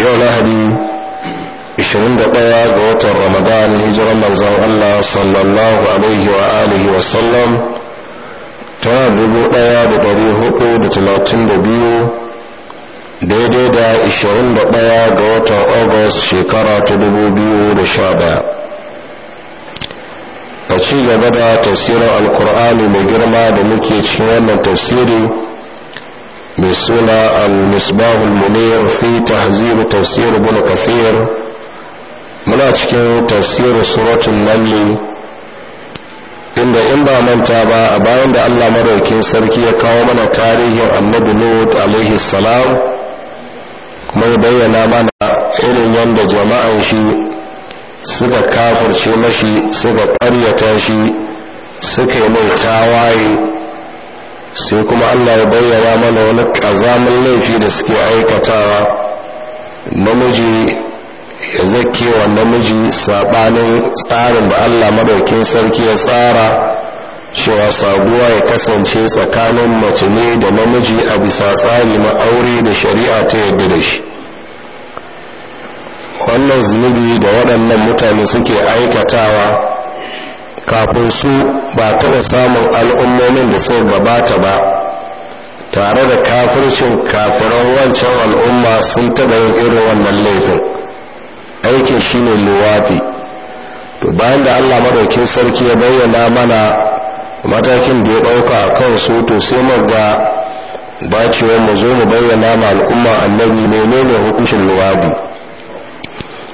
yau lahadi 21 ga watan ramadan hijiran manzan Allah sallallahu alaihi wa alihi wa sallam tana dubu daya da dari hudu da talatin da biyu daidai da 21 ga watan agus shekara ta dubu biyu da sha daya a ci gaba da tafsirin alkur'ani mai girma da muke cikin wannan tafsiri mai suna al-misbahul munir fi tahziru tafsir ibn kathir muna cikin tafsir suratul naml inda in ba manta ba a bayan da Allah madaukin sarki ya kawo mana tarihin annabi Lut alaihi salam kuma ya bayyana mana irin yadda jama'an shi suka kafirce mashi suka ƙaryata shi suka yi mai tawaye sai kuma allah ya bayyana mana wani ƙazamin laifi da suke aikatawa namiji ya zake wa namiji saɓanin tsarin da allah maɗaukin sarki ya tsara cewa sabuwa ya kasance tsakanin mace ne da namiji a bisa tsari na aure da shari'a ta yadda da shi wannan zunubi da waɗannan mutane suke aikatawa kafin su ba taɓa samun al'ummomin da sai gabata ba tare da kafircin kafiran wancan al'umma sun taɓa yin irin wannan laifin aikin shi ne luwafi to bayan da allah maɗauki sarki ya bayyana mana matakin da ya ɗauka a kan su to sai maga cewa mu zo mu bayyana ma al'umma annabi ne hukuncin luwafi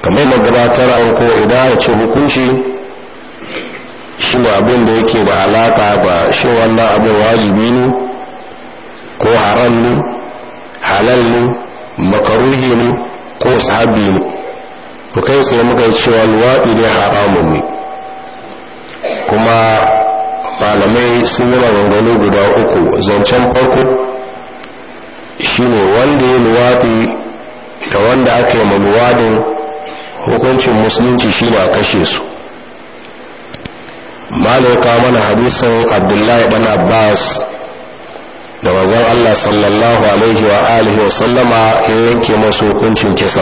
kamar magabatar an ko idan a ce hukunci shi ba abin da yake da alaka ba shi wannan abin wajibi ne ko haram ne halal ne makaruhi ne ko sahabi ne to kai sai muka yi cewa luwaɗi ne haramun ne kuma malamai sun yi rangano guda uku zancen farko shi ne wanda ya luwaɗi da wanda aka yi maluwaɗin hukuncin musulunci shi ne a kashe su malaka mana hadisin abdullahi bin abbas da mazan allah sallallahu alaihi wa alihi wa sallama ya yanke masu hukuncin kisa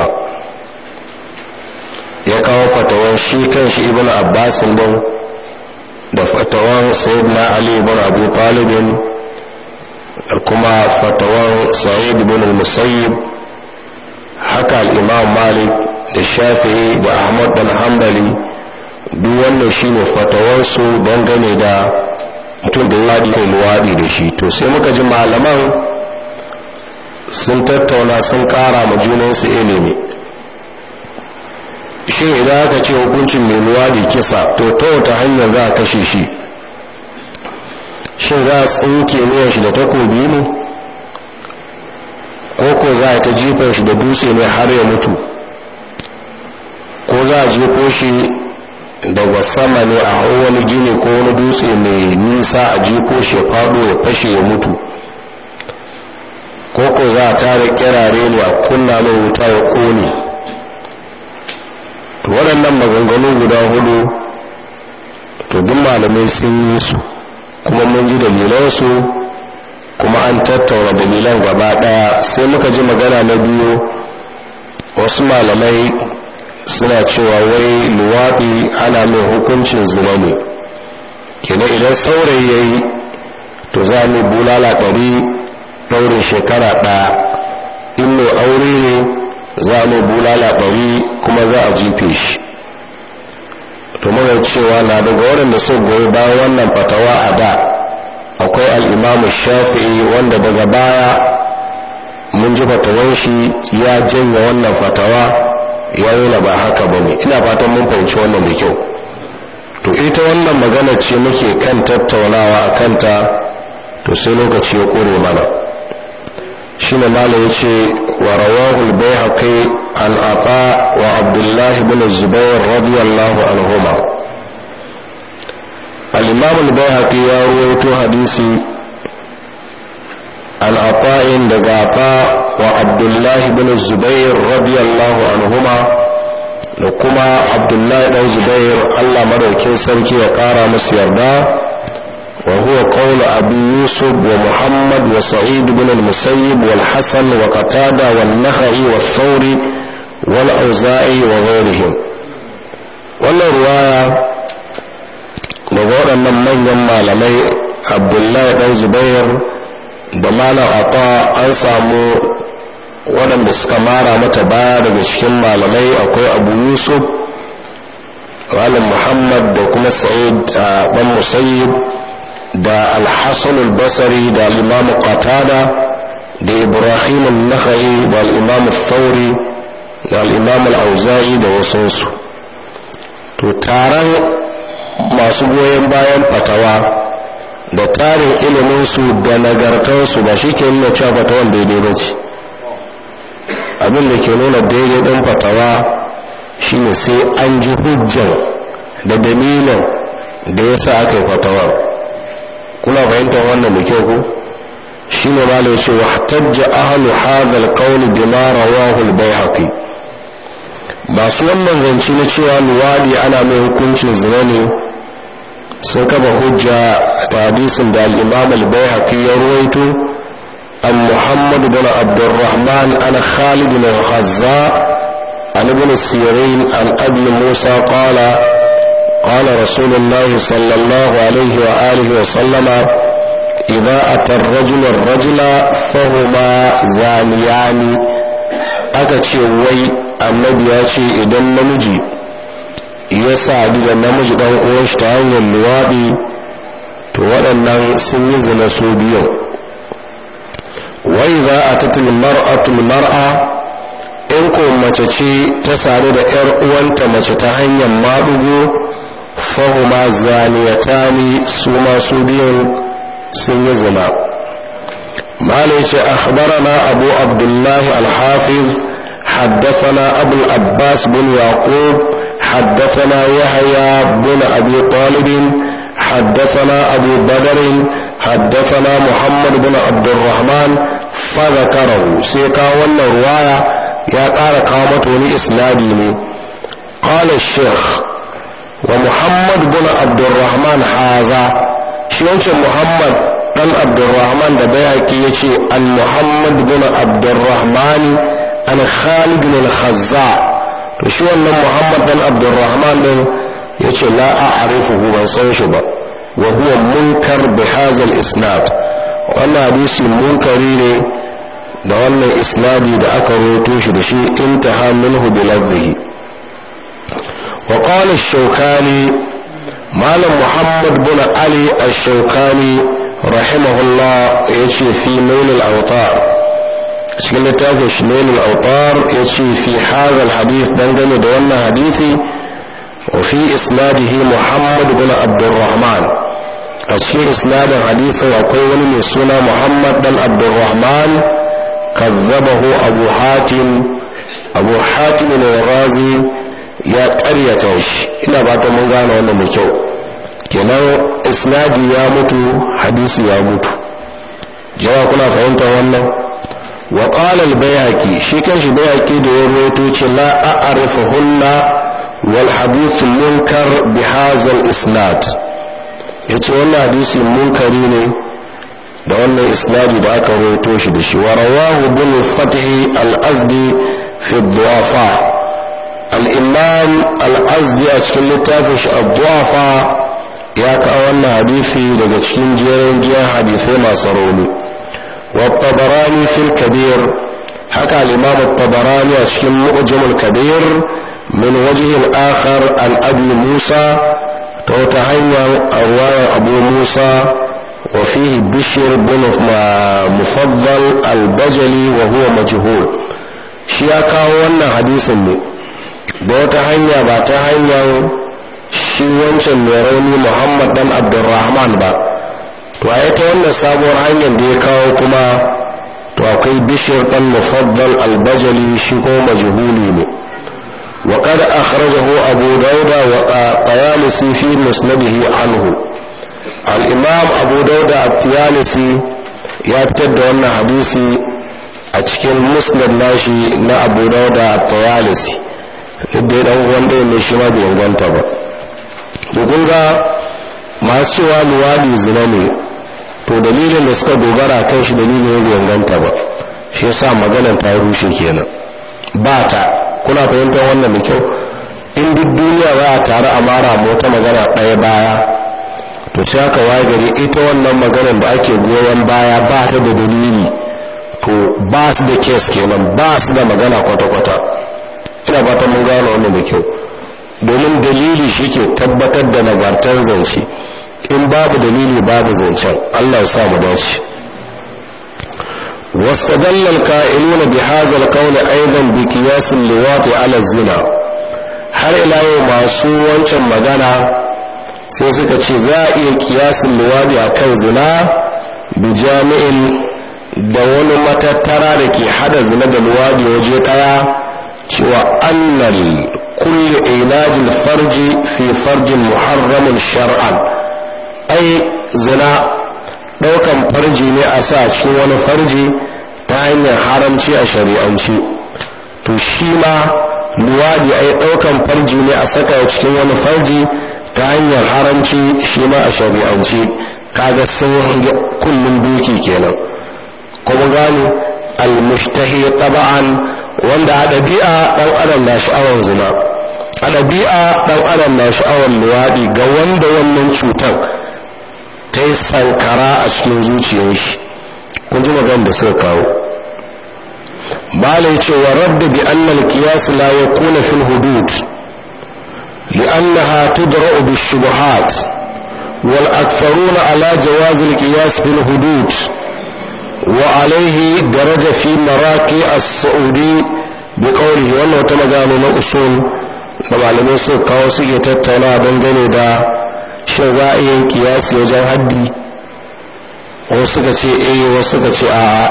ya kawo fatawan shi kan shi ibn abbasin din da fatawan na ali ibn abu talibin da kuma fatawar sa'id ibn musayyib haka alimam malik da shafi'i da ahmad bin hanbali duk wannan shine fatawansu dangane da mutum da ya kai luwaɗi da shi to sai muka ji malaman sun tattauna sun ƙara ma junansu ilimi shin idan aka ce hukuncin mai luwaɗi kisa to ta wata hanyar za a kashe shi shin za a tsinke miyan shi da takobi ne ko ko za a ta jifar shi da dutse ne har ya mutu ko za a jefo shi daga sama ne a hau wani gini ko wani dutse mai nisa a ji ko shefado ya fashe ya mutu ko ko za a tare kirare ne a kunna mai wuta ya kone to waɗannan maganganu guda hudu to duk malamai sun yi su kuma mun ji dalilansu kuma an tattauna dalilan gaba ɗaya sai muka ji magana na biyu wasu malamai suna cewa wai luwaɗi ana mai hukuncin zina ne kina idan saurayi ya yi to za mu bulala ɗari ɗaurin shekara ɗaya in mai aure ne za mu bulala ɗari kuma za a jife shi to mana cewa na daga waɗanda sun goyi bayan wannan fatawa a da akwai al'imamu shafi'i wanda daga baya mun ji fatawan shi ya janya wannan fatawa ya yi ba haka ba ne ina fatan mun fahimci wannan da kyau to ita wannan magana ce muke kan tattaunawa a kanta to sai lokaci ya kore mana shi ne mala ya ce wa rawahul bai haƙi an wa abdullahi bin zubair radiyallahu anhuma al-imam bai ya ruwaito hadisi an ata'in daga ata wa abdullahi bin zubair radiyallahu anhuma da kuma abdullahi dan zubair allah madaukin sarki ya ƙara musu yarda wa yusuf وهو wa أبي يوسف ومحمد وسعيد بن المسيب والحسن وقتادة والنخعي والثوري والأوزاعي وغيرهم wannan ruwaya daga waɗannan manyan malamai abdullahi ɗan zubair da malam akwa an samu waɗanda suka mara mata baya daga cikin malamai akwai abu yusuf malam muhammad da kuma sa'id a ɗan musayyib da alhassan albasari da al'imamu qatada da ibrahim al-nakhai da al'imamu fauri da al'imamu al'auza'i da wasansu to taron masu goyon bayan fatawa da tarin su da nagartarsu ba shi ke nuna cewa fatawan daidai ba ce abin da ke nuna daidai ɗin fatawa shi ne sai an ji hujjan da dalilin da ya sa aka yi fatawar kuna fahimtar wannan da kyau ku shi ne malai ce wa tajja ahalu hadal kauli bima rawahu bai haƙi. masu wannan zanci na cewa luwadi ana mai hukuncin zina ne sun kaba hujja da hadisin da al'imam al-bayhaqi ya ruwaito an muhammadu bin abdurrahman an khalid bin hazza an ibn sirin an abi musa qala qala rasulullahi sallallahu alaihi wa alihi wa sallama idza ata ar rajula fahuma zaniyani aka ce wai annabi ya ce idan namiji ya sa da namiji ɗan shi ta hanyar luwaɗi to waɗannan sun yi zina su biyu wai za a tattun mar'atul mar'a in ko mace ce ta sadu da 'yar uwanta mace ta hanyar maɗugo fahuma zaniyatani su masu biyan sun yi zina مالك ce أبو abu abdullahi alhafiz حدثنا أبو العباس بن يعقوب حدثنا يحيى بن أبي طالب حدثنا أبو بدر حدثنا محمد بن عبد الرحمن فذكره سيكا ولا رواية يا قال قامته لإسنادي قال الشيخ ومحمد بن عبد الرحمن هذا شيخ محمد dan abdurrahman da bayaki ya ce al-muhammad bin abdurrahmani al-khalid bin al-khazza to shi wannan muhammad dan abdurrahman din ya ce la a arifuhu ban san shi ba wa huwa munkar bi hazal isnad wannan hadisi munkari ne da wannan isnadi da aka roto shi da shi intaha minhu bi lafzihi wa qala ash-shawkani malam muhammad bin ali ash-shawkani rahimahullah yace fi mail al-awtar cikin littafin shilolul autar ya ce fi hazal hadith dangane da wannan hadithi wa fi isnadihi muhammad bin abdurrahman a cikin isnadin hadithin akwai wani mai suna muhammad dan abdurrahman kazzabahu abu hatim abu hatim ne razi ya karyata shi ina ba ta mun gane wannan da kyau kenan isnadi ya mutu hadisi ya mutu jawa kuna fahimtar wannan wa qala al shi kanshi bayaki da ya rawaito ce la a'rifuhunna wal hadith munkar bi isnad yace wannan hadisi munkari ne da wannan isnadi da aka rawaito shi da shi wa rawahu bin fatih al-azdi fi du'afa al-imam al-azdi a cikin littafin shi ad-du'afa ya kawo wannan hadisi daga cikin jerin jiyan hadisai masu rauni والطبراني في الكبير حكى الإمام الطبراني أشكم مؤجم الكبير من وجه آخر عن أبي موسى وتهيأ رواية أبو موسى وفيه بشر بن مفضل البجلي وهو مجهول shi ya حديث wannan hadisin ne da wata hanya ba ta بن عبد الرحمن mai rauni muhammad to a ta wannan sabuwar hanyar da ya kawo kuma to akwai bishiyar ɗan mufaddal albajali shi ko majhuli ne wa kada akhrajahu abu dauda wa tayalisi fi musnadihi anhu al-imam abu dauda at-tayalisi ya fitar da wannan hadisi a cikin musnad nashi na abu dauda at-tayalisi dai dan wanda ne shi ma bai inganta ba dukun ga masu wani wani zina ne to dalilin da suka dogara kan shi dalilin ya inganta ba shi yasa maganar ta rushe kenan ba ta kuna fahimtar wannan da kyau in duk duniya za a taru a mara mota magana ɗaya baya to sai aka waye gari ita wannan maganar da ake goyon baya ba ta da dalili to ba su da kes kenan ba su da magana kwata-kwata ina ba ta mun gane wannan da kyau domin dalili shi ke tabbatar da nagartar zance in babu dalili babu zancen allah sa mu dace واستدل القائلون بهذا القول bi بقياس اللواط ala zina har ila yau masu wancan magana sai suka ce za a iya kiyasin luwadi a kan zina bi jami'in da wani matattara da ke hada zina da luwadi waje daya cewa annal kulli ilajin farji fi farjin muharramin shar'an ai zina ɗaukan farji ne a sa cikin wani farji ta hanyar haramci a shari'anci to shi ma luwadi ai ɗaukan farji ne a saka cikin wani farji ta hanyar haramci shi ma a shari'anci kaga sun kullum duki kenan kuma al almustahi taba'an wanda a ɗabi'a ɗan adam na sha'awar zina a ɗabi'a ɗan adam na sha'awar luwaɗi ga wanda wannan cutar ta yi sankara a cikin zuciyar shi kun ji magana da suka kawo malai cewa radda bi annal qiyas la yakuna fil hudud li'annaha tudra'u bi shubuhat wal aktharuna ala jawaz al qiyas fil hudud wa daraja fi maraqi as-saudi bi qawlihi wannan wata magana na usul da malamai suka kawo suke tattauna dangane da shi za a yin kiyasi wajen haddi wasu suka ce eh wasu suka ce a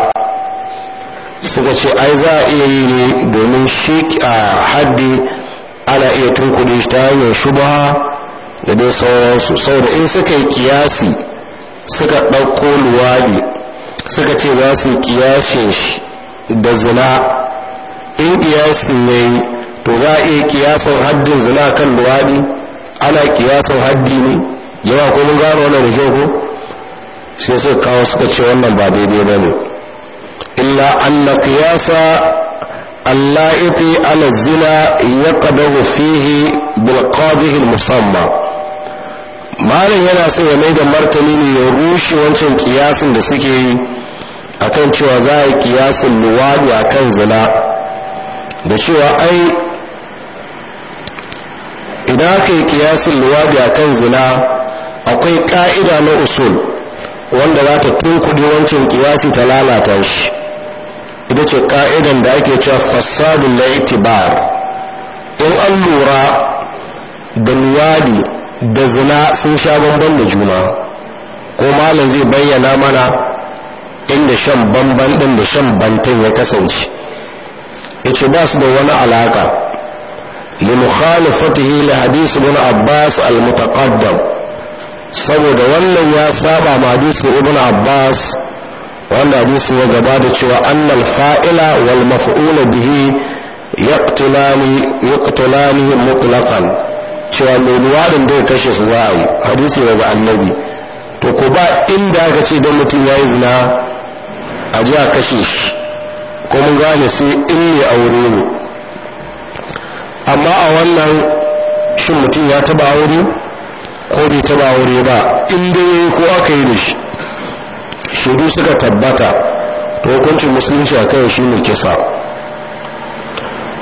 suka ce ai za a iya yi ne domin shi a haddi ana iya tunkuɗe shi ta hanyar shubha da dai sauransu saboda in suka yi kiyasi suka ɗauko luwadi suka ce za su yi kiyashin shi da zina in kiyasin ne to za a iya kiyasin haddin zina kan luwadi ana kiyasin haddi ne yawa ko mun gano wannan da kyau ko sai sai kawo suka ce wannan ba daidai ba ne illa anna kiyasa allaiti ala zina yaqdahu fihi bil qadhi al musamma malin yana so ya mai da martani ne ya rushe wancan kiyasin da suke yi akan cewa za a yi kiyasin luwadi akan zina da cewa ai idan aka yi kiyasin luwadi a kan zina akwai ƙa'ida na usul wanda za ta tunkuɗe wancan kiyasi ta lalata shi ita ce ƙa'idan da ake cewa fasadun na itibar in an lura da luwadi da zina sun sha bamban da juna ko malam zai bayyana mana inda shan bamban ɗin da shan bantan ya kasance ya ce ba su da wani alaka لمخالفته لحديث ابن عباس المتقدم saboda wannan ya saba ma hadisin ibn abbas wanda hadisi ya gabata cewa annal fa'ila wal maf'ula bihi yaqtulani yaqtulani mutlaqan cewa mai luwarin da kashe su za a yi hadisi daga annabi to ko ba inda aka ce don mutum ya yi zina a ji a kashe shi ko mun gane sai in ne aure ne amma a wannan shi mutum ya taba aure ko bai taba aure ba inda ya yi ko aka yi da shi shudu suka tabbata to hukuncin musulunci a kai shi mai kisa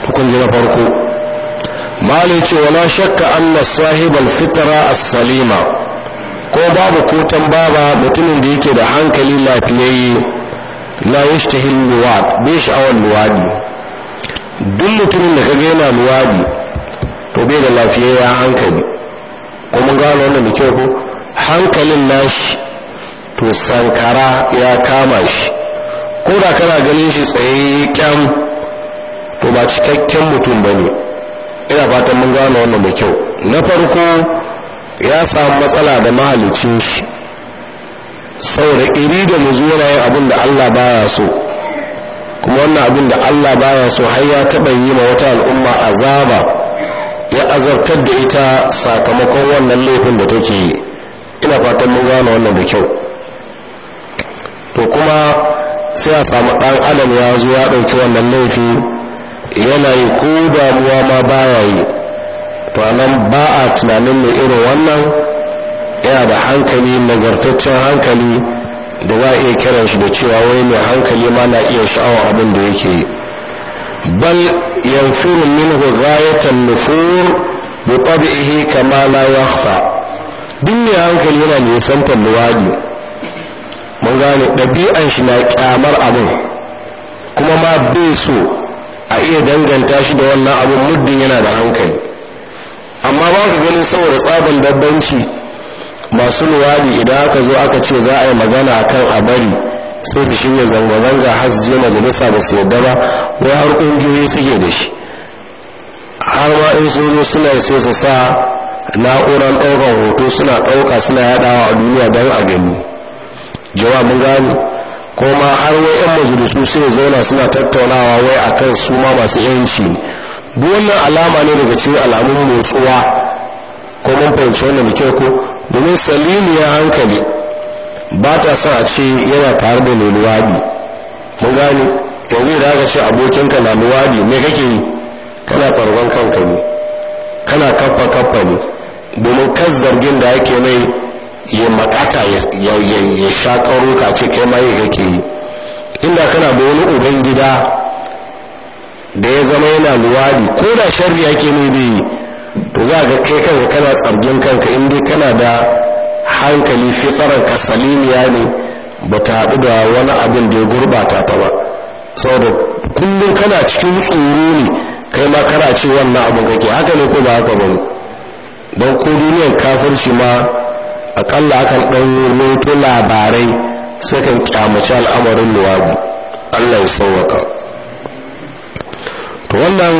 hukunci na farko malai ce wala shakka na sahibal fitara a salima ko babu ko tambaba mutumin da yake da hankali lafiyayye la yashtahil luwad bai sha'awar luwadi duk mutumin da kaga yana luwadi to bai da ya hankali ko mun gano wannan da kyau ko hankalin nashi to sankara ya kama shi ko da kana ganin shi tsaye kyan to ba cikakken mutum ba ne ina fatan mun gano wannan da kyau na farko ya samu matsala da mahalicin shi saboda iri da mu zuwa yin abin da allah baya so kuma wannan abin da Allah baya so har ya taɓa yi ma wata al'umma azaba ya azabtar da ita sakamakon wannan laifin da take yi ina fatan mun gane wannan da kyau to kuma sai a samu ɗan adam ya zo ya ɗauki wannan laifi yana yi ko damuwa ma baya yi to nan ba a tunanin mai irin wannan yana da hankali nagartaccen hankali da za a iya kiran shi da cewa wai mai hankali ma na iya sha'awar abin da yake yi bal yanfuru minhu ghayatan nufur bi tabi'ihi kama la yakhfa duk mai hankali yana nisantar luwadi mun gane ɗabi'an shi na kyamar abin kuma ma bai so a iya danganta shi da wannan abin muddin yana da hankali amma ba ka ganin saboda tsaban dabbanci masu luwali idan aka zo aka ce za a yi magana kan a bari sai su shirya zanga-zanga har su je majalisa ba su yadda ba wai har ƙungiyoyi suke da shi har ma in sun zo suna sai su sa na'urar ɗaukar hoto suna ɗauka suna yaɗawa a duniya don a gani jawabin gani ko ma har wai 'yan majalisu sai zauna suna tattaunawa wai akan su ma masu 'yanci duk alama ne daga cikin alamun motsuwa ko mun fahimci wannan da kyau ko domin salimiyar hankali ba ta son a ce yana tare da mai luwaɗi mun gane yanzu da aka ce abokinka na luwaɗi me kake yi kana farkon kanka ne kana kafa kaffa ne domin kan zargin da ake mai ya makata ya sha ka ce kai ma yi kake yi inda kana da wani ubangida da ya zama yana luwaɗi ko da sharri ake mai da yi to za ga kai kanka kana tsargin kanka in dai kana da hankali fitarar ka salimiya ne ba ta haɗu da wani abin da ya gurɓata ta ba saboda kullum kana cikin tsoro ne kai ma kana ce wannan abin kake haka ne ko ba haka ba ne don ko duniyar kafirci ma akalla akan ɗan roto labarai sai kan kyamaci al'amarin luwabi allah ya sauwaka to wannan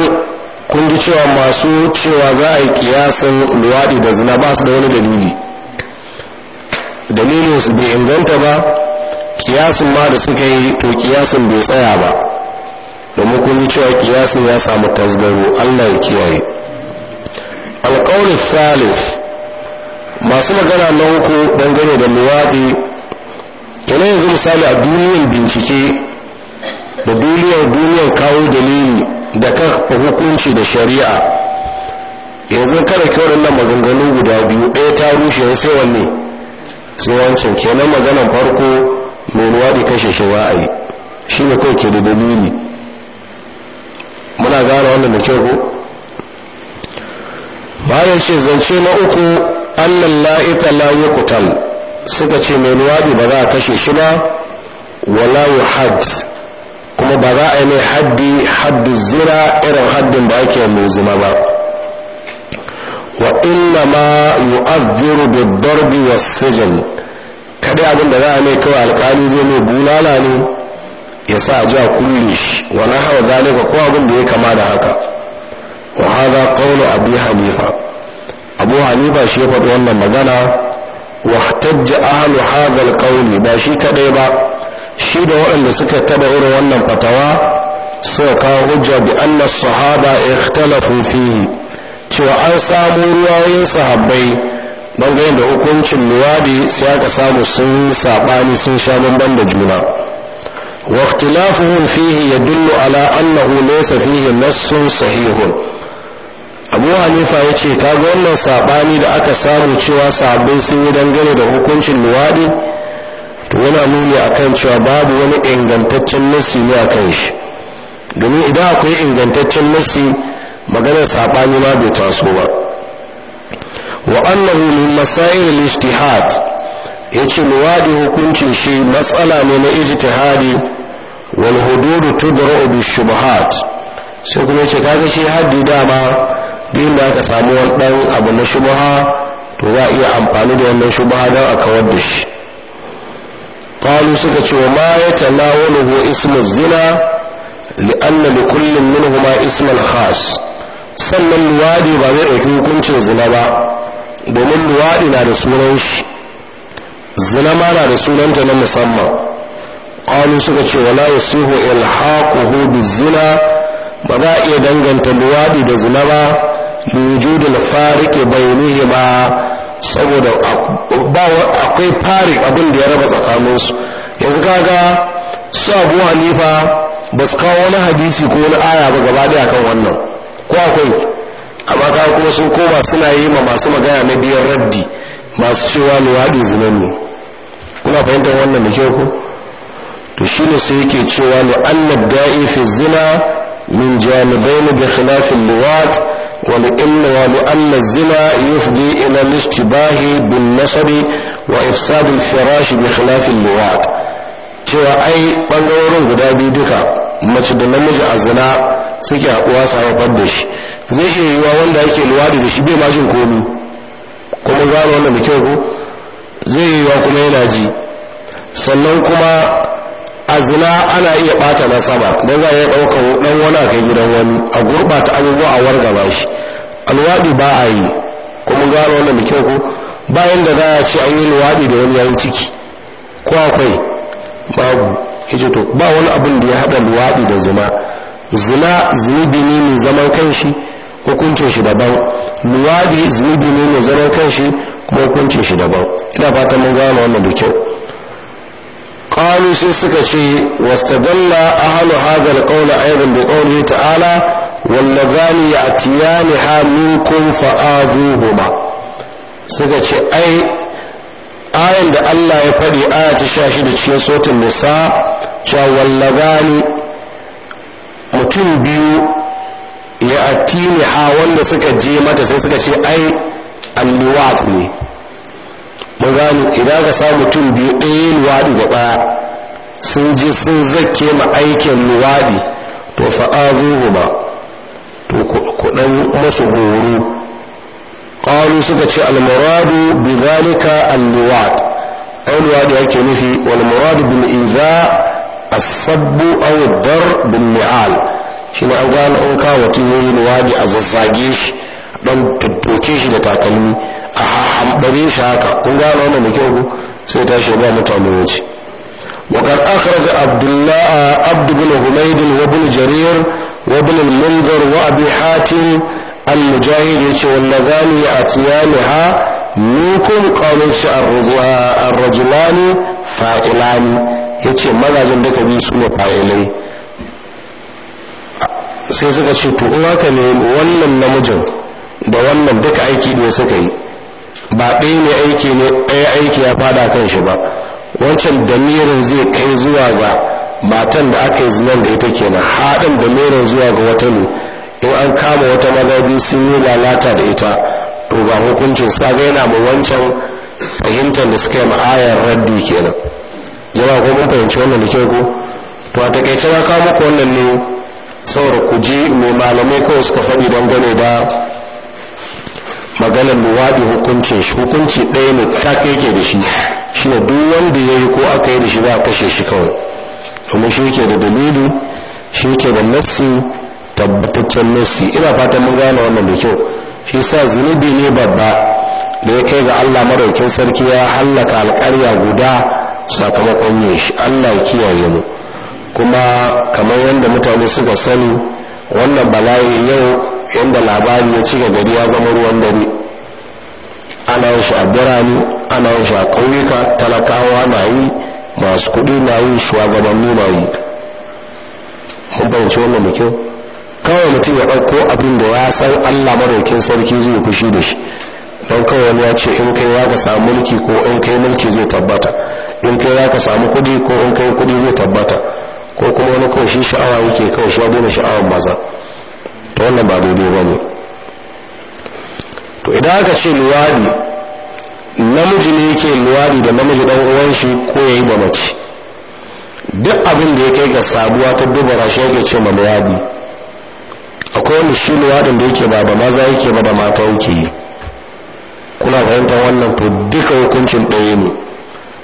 kun ji cewa masu cewa za a yi kiyasin luwaɗi da zina ba su da wani dalili dalilin su bai inganta ba kiyasin ma da suka yi to kiyasin bai tsaya ba domin kun ji cewa kiyasin ya samu tasgaro allah ya kiyaye alƙawar salif masu magana na uku dangane da luwaɗi kenan yanzu misali a duniyar bincike da duniyar duniyar kawo dalili da kan hukunci da shari'a yanzu kada ke waɗannan maganganu guda biyu ɗaya ta rushe sai wanne sai wancan kenan maganan farko mai luwaɗi kashe shi wa'ayi shi ne kawai ke da dalili muna gane wannan da kyau bayan ce zance na uku allan la'ita la kutal suka ce mai luwaɗi ba za a kashe shi ba wala hajj kuma ba za a yi mai haddi haddu zira irin haddin da ake mai ba wa inna ma yu'azziru da darbi wa sijin kada abin da za a mai kawai alƙali zai mai bulala ne ya sa ji a kulle shi wa nahwa zalika ko abin da ya kama da haka wa haza kawai abu hanifa abu hanifa shi ya faɗi wannan magana wa a ahlu hazal kawai ba shi kadai ba shi da waɗanda suka taɓa irin wannan fatawa suka kawo hujja bi annas sahaba ikhtalafu fihi cewa an samu ruwayoyin sahabbai bangaren da hukuncin luwadi sai aka samu sun sabani sun sha bamban da juna wa ikhtilafuhum fihi yadullu ala annahu laysa fihi nassun sahihun abu hanifa ya ce kaga wannan saɓani da aka samu cewa sabbin sun yi dangane da hukuncin luwaɗi yana nuni kan cewa babu wani ingantaccen nasi ne a kan shi domin idan akwai ingantaccen nassi maganar saɓani ma bai taso ba wa annahu min masail al-ijtihad yace luwadi hukuncin shi matsala ne na ijtihadi wal hudud tudra'u bi shubuhat sai kuma yace kaga shi haddi dama din da aka samu wani dan abu na shubha to za a iya amfani da wannan shubha don a kawar da shi قالوا سكت وما يتناوله اسم الزنا لأن لكل منهما اسم خاص sannan luwaɗi ba zai ɗauki hukuncin zina ba domin luwaɗi na da sunan shi zina ma na da sunanta na musamman ƙwano suka ce wala ya suhu ilhaquhu bizina ba za a iya danganta luwaɗi da zina ba liwujudul fariqi bainihima saboda akwai fari abin da ya raba tsakaninsu yanzu kaga su abu hanifa ba su kawo wani hadisi ko wani aya ba gaba daya kan wannan ko akwai amma ka kuma sun koma suna yi ma masu magana na biyan raddi masu cewa luwaɗi zina ne kuna fahimtar wannan da kyau ko to shine sai yake cewa lu'annab da'i fi zina من جانبين بخلاف اللواط ولأن ولأن الزنا يفضي إلى الاشتباه بالنصب وإفساد الفراش بخلاف اللواط cewa ai ɓangarorin guda biyu duka mace da namiji a zina suke haɗuwa su haifar da shi zai iya yiwuwa wanda yake luwadi da shi bai ma jin komi kuma gano wannan da kyau ko zai yiwuwa kuma yana ji sannan kuma a zina ana iya ɓata na sama don za a iya ɗaukar ɗan wani a kai gidan wani a gurɓata abubuwa a wargaba shi alwaɗi ba a yi kuma gano wannan da kyau ko bayan da za a ce an yi luwaɗi da wani yayin ciki ko akwai babu yace to ba wani abin da ya haɗa luwaɗi da zina zina zunubi ne mai zaman kanshi hukuncin shi daban luwaɗi zunubi ne mai zaman kanshi kuma hukuncin shi daban ina fatan mun gano wannan da kyau qalu sai suka ce wastadalla ahlu hadha alqawla aidan bi qawlihi ta'ala wallazani ya'tiyaniha minkum fa'azuhuma suka ce ai ayan da Allah ya faɗi aya ta 16 cikin sotin nisa cewa wallazani mutum biyu ya atini ha wanda suka je mata sai suka ce ai alliwat ne mun gano idan ka sa mutum biyu ɗaya luwaɗi da ɓaya sun je sun zake ma aikin luwaɗi to fa'azuhu ba to kuɗan masu horo ƙalu suka ce almuradu bi zalika alluwaɗi ai luwaɗi yake nufi walmuradu bin inza a sabbu awuddar bin ni'al shine an gano an kawo mutum yayi luwaɗi a zazzage shi dan tattoke shi da takalmi a ɓare shi haka kun gano wannan da kyau sai ta shi ba mutu amurin ce wakar akhara ga abdullahi abdubin humaidin wabin jarir wabin mungar wa abi hatin al ya ce wanda zani a tiyami ha nukun kawon shi a rajulani fa'ilani ya ce mazajin duka biyu su ne fa'ilai sai suka ce to in haka ne wannan namijin da wannan duka aiki da suka yi ba ɗaya ne aiki ne ɗaya aiki ya fada kan shi ba wancan damirin zai kai zuwa ga matan da aka yi zinan da ita kenan haɗin damirin zuwa ga wata ne in an kama wata mazabi sun yi lalata da ita to ba hukuncin saga yana ma wancan fahimtar da suka yi ma'ayar raddi kenan yawa ko mun fahimci wannan da kyau ko to a takaice na kawo muku wannan ne saboda ku ji mai malamai kawai suka faɗi don gane da maganar luwaɗi hukuncin shi hukunci ɗaya ne ta kai ke da shi shi ne duk wanda ya yi ko aka yi da shi za a kashe shi kawai kuma shi ke da dalilu shi ke da nassi tabbataccen nassi ina fatan mun gane wannan da kyau shi sa zunubi ne babba da ya kai ga allah maraukin sarki ya hallaka alƙarya guda sakamakon yin shi allah ya kiyaye mu kuma kamar yadda mutane suka sani wannan bala'i yau inda labari ya ci gari ya zama ruwan dare ana yin shi a birane ana yin shi a ƙauyuka talakawa na yi masu kuɗi na yi shugabanni na yi mun fahimci wannan da kyau kawai mutum ya ɗauko abin da ya san allah maraukin sarki zai fushi da shi don kawai ya ce in kai ya ka samu mulki ko in kai mulki zai tabbata in kai ya ka samu kuɗi ko in kai kuɗi zai tabbata ko kuma wani kawai shi sha'awa yake kawai shi wani sha'awar maza ta wannan ba daidai ba ne to idan aka ce luwadi namiji ne yake luwadi da namiji dan uwan shi ko yayi ba mace duk abin da ya kai ga sabuwa ta dubara shi yake ce ma luwadi akwai wani shi luwadin da yake ba da maza yake ba da mata yake yi kuna fahimtar wannan to duka hukuncin ɗaya ne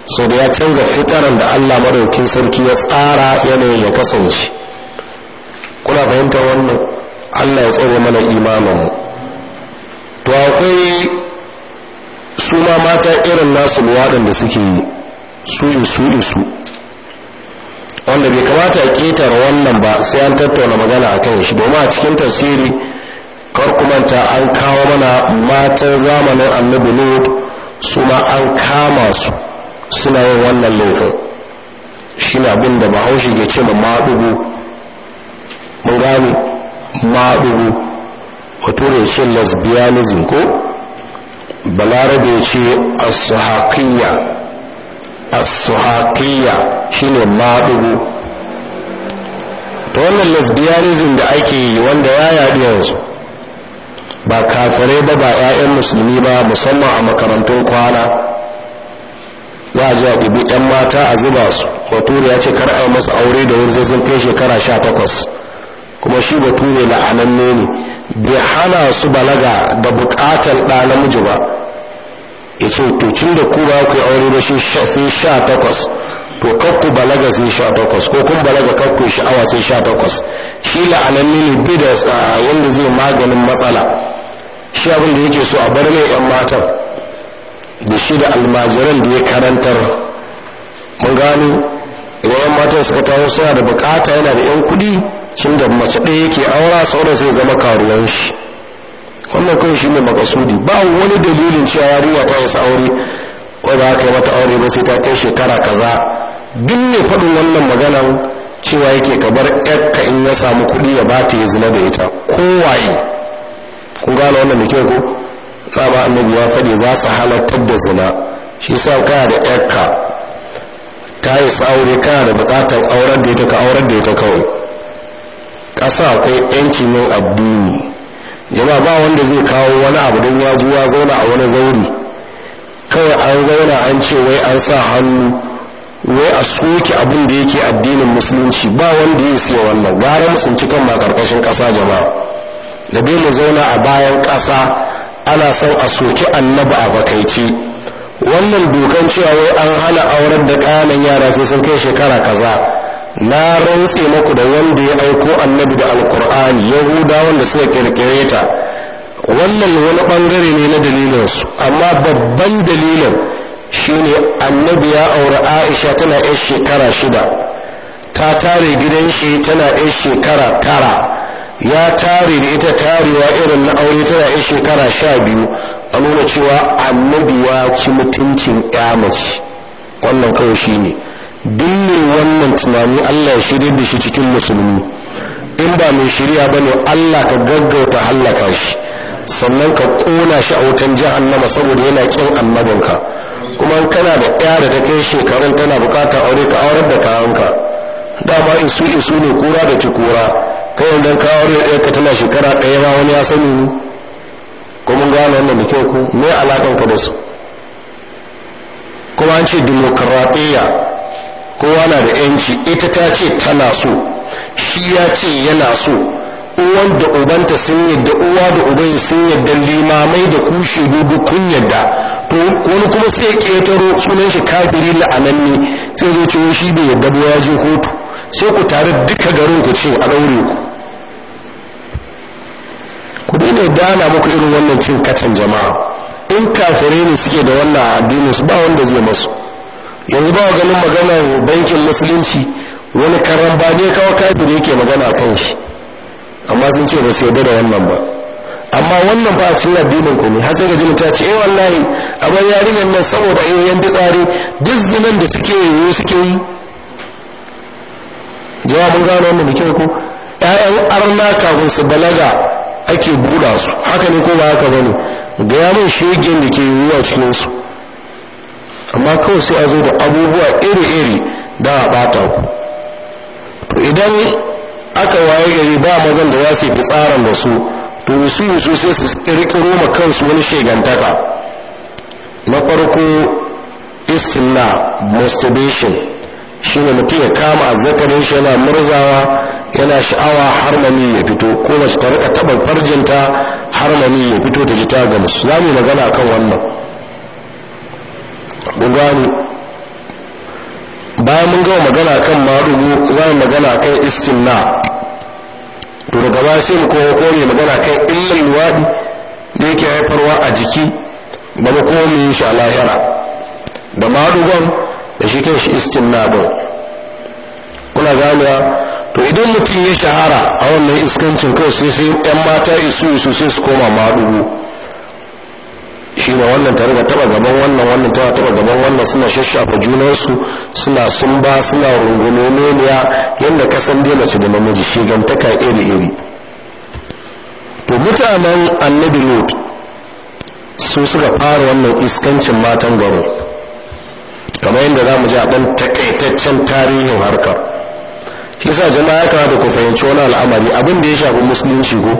so da ya canza fitaran da allah maraukin sarki ya tsara yanayin ya kasance kuna fahimta wannan allah ya tsoro mana mu. to akwai su ma mata irin nasu luwaɗin da suke yi su isu isu wanda bai kamata a ƙetare wannan ba sai an tattauna magana a kan shi domin a cikin tasiri kar ta an kawo mana matan zamanin annabi lod su ma an kama su suna yin wannan laifin shi na abin da bahaushe ke ce ma maɗubu mun gane maɗugu ture shi lesbianism ko balarabe ce asuhaƙiyya asuhaƙiyya shi ne maɗubu ta wannan lesbianism da ake yi wanda ya yaɗi yanzu ba kafirai ba ba 'ya'yan musulmi ba musamman a makarantun kwana ya a ɗubi ɗan mata a zuba su bature ya ce kar a masu aure da wuri sun kai shekara sha takwas kuma shi bature la'ananne ne bai hana su balaga da buƙatar ɗa namiji ba ya ce tucin da ku ba ku aure da shi sai sha takwas to kakku balaga sai sha takwas ko kun balaga kakku sha'awa sai sha takwas shi la'ananne ne bi da ah, wanda zai maganin matsala shi abin da yake so a bar mai 'yan matan da shi da almajiran da ya karantar mun gano da matan suka taho suna da bukata yana da yan kudi shin da mace ɗaya yake aura sauran sai zama karuwan shi wannan kawai shi ne makasudi ba wani dalilin cewa yarinya ta wasu aure ko ba aka yi mata aure ba sai ta kai shekara kaza duk ne faɗin wannan maganan cewa yake ka bar ka in ya samu kuɗi ya bata ya zina da ita kowaye kun gano wannan da kyau ko sama annabi ya faɗi za su halartar da zina shi sa kana da yarka ta yi aure kana da buƙatar auren da ita ka auren da ita kawai ƙasa akwai yancin mai addini yana ba wanda zai kawo wani abu don ya zuwa zauna a wani zauri kawai an zauna an ce wai an sa hannu wai a soke abin da yake addinin musulunci ba wanda ya siya wannan gara musulunci kan ma karkashin ƙasa jama'a da mu zauna a bayan ƙasa ana son a soki annabi a bakaici wannan dokan cewa wai an hana aurar da ƙananan yara sai sun kai shekara kaza na rantse muku da wanda ya aiko annabi da alkur'ani huda wanda suka kirkire ta wannan wani bangare ne na dalilinsu amma babban dalilin shine annabi ya auri aisha tana 'yar shekara shida ta tare gidan shi tana 'yar shekara tara ya tare da ita tarewa irin na aure tana yan shekara sha biyu a nuna cewa annabi ya ci mutuncin ya mace wannan kawai shi ne dillin wannan tunani allah ya shirya da shi cikin musulmi in ba mai shirya ba ne allah ka gaggauta hallaka shi sannan ka kona shi a wutan nama saboda yana kyan annabinka kuma kana da ɗaya da ta kai shekarun tana bukatar aure ka aurar da kayanka dama in su ne kura da ci kura kai yanzu ka aure ɗaya ka tana shekara ɗaya ma wani ya sani ko mun gane wannan da kyau ku me alakan ka da su kuma an ce dimokuraɗiyya kowa na da yanci ita ta ce tana so shi ya ce yana so uwan da ubanta sun yadda uwa da uban sun yadda limamai da kushe dubu kun yadda wani kuma sai ya ƙetaro sunan shi kafiri la'ananne sai zai ciwo shi bai yadda ba ya je kotu sai ku tare duka garin ku ce a ɗaure ku ku daina dana muku irin wannan cin katan jama'a in kafire ne suke da wannan addinin su ba wanda zai masu yanzu ba ganin maganar bankin musulunci wani karan ba ne kawo kafin yake magana kan shi amma sun ce ba su yarda da wannan ba amma wannan ba a cin addinin ku ne har sai gajin ta ce eh wallahi amma yarinyar nan saboda eh, yan fitsari duk zinan da suke yi suke yi jawabin gano wannan da kyau ko ƴaƴan arna kafin su balaga ake buɗa su haka ne ko ba haka ba ne ga yamin shegen da ke yiwuwa cikinsu amma kawai sai a zo da abubuwa iri-iri da a ɓata ku to idan aka waye gari ba mazan da za su fi tsarin da su to su yi su sai su ƙirƙiro ma kansu wani shegantaka na farko isla masturbation shine mutum ya kama azzakarin shi yana murzawa yana sha'awa har mani ya fito ko mace ta rika taɓa farjinta har mani ya fito ta jita ga musu za mu magana kan wannan mun gane bayan mun gama magana kan maɗugu za mu magana kan na. to daga baya sai mu kowa ko mai magana kan illan luwaɗi da yake haifarwa a jiki da mu kowa mu yi shi a lahira da maɗugon da shi kan shi istimna ɗin kuna ganewa to idan mutum ya shahara a wannan iskancin kawai sai sai yan mata isu isu sai su koma maɗugu shi ma wannan tare da taba gaban wannan wannan taba taba gaban wannan suna shashafa junansu suna sumba suna rungume rungunomeniya yadda kasan dai mace da namiji shigantaka iri iri to mutanen annabi lot su suka fara wannan iskancin matan garo kamar yadda za mu ji a ɗan takaitaccen tarihin harkar ya jama'a kamata ku fahimci wani al'amari abin da ya shafi musulunci ko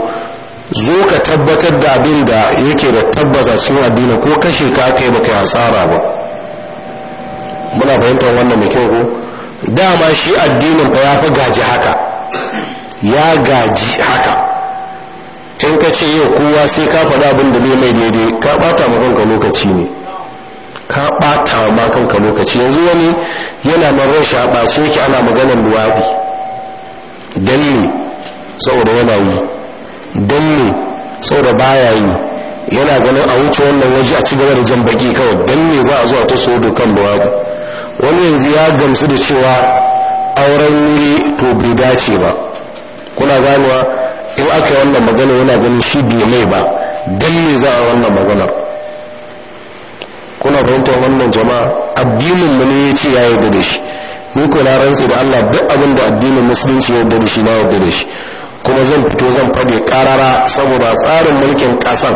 zo ka tabbatar da abin da yake da tabbasa cikin addini ko kashe ka kai ba kai hasara ba muna fahimtar wannan mai kyau ko dama shi addinin ba ya fi gaji haka ya gaji haka in ka ce yau kowa sai ka faɗa abin da bai mai daidai ka ɓata ma kanka lokaci ne ka ɓata ma kanka lokaci yanzu wani yana nan shaɓa ce yake ana maganar luwaɗi danne saboda yana yi danne saboda baya yi yana ganin a wuce wannan waje a cigaba da jan baki kawai danne za a zo a taso kan bawabu wani yanzu ya gamsu da cewa auren wuri to bai dace ba kuna ganuwa in aka yi wannan magana yana ganin shi bai mai ba danne za a wannan maganar kuna fahimtar wannan jama'a addinin mu ne ya ce ya yi da shi ni ko na da Allah duk abin da addinin musulunci ya da shi na yadda da shi kuma zan fito zan fade karara saboda tsarin mulkin kasan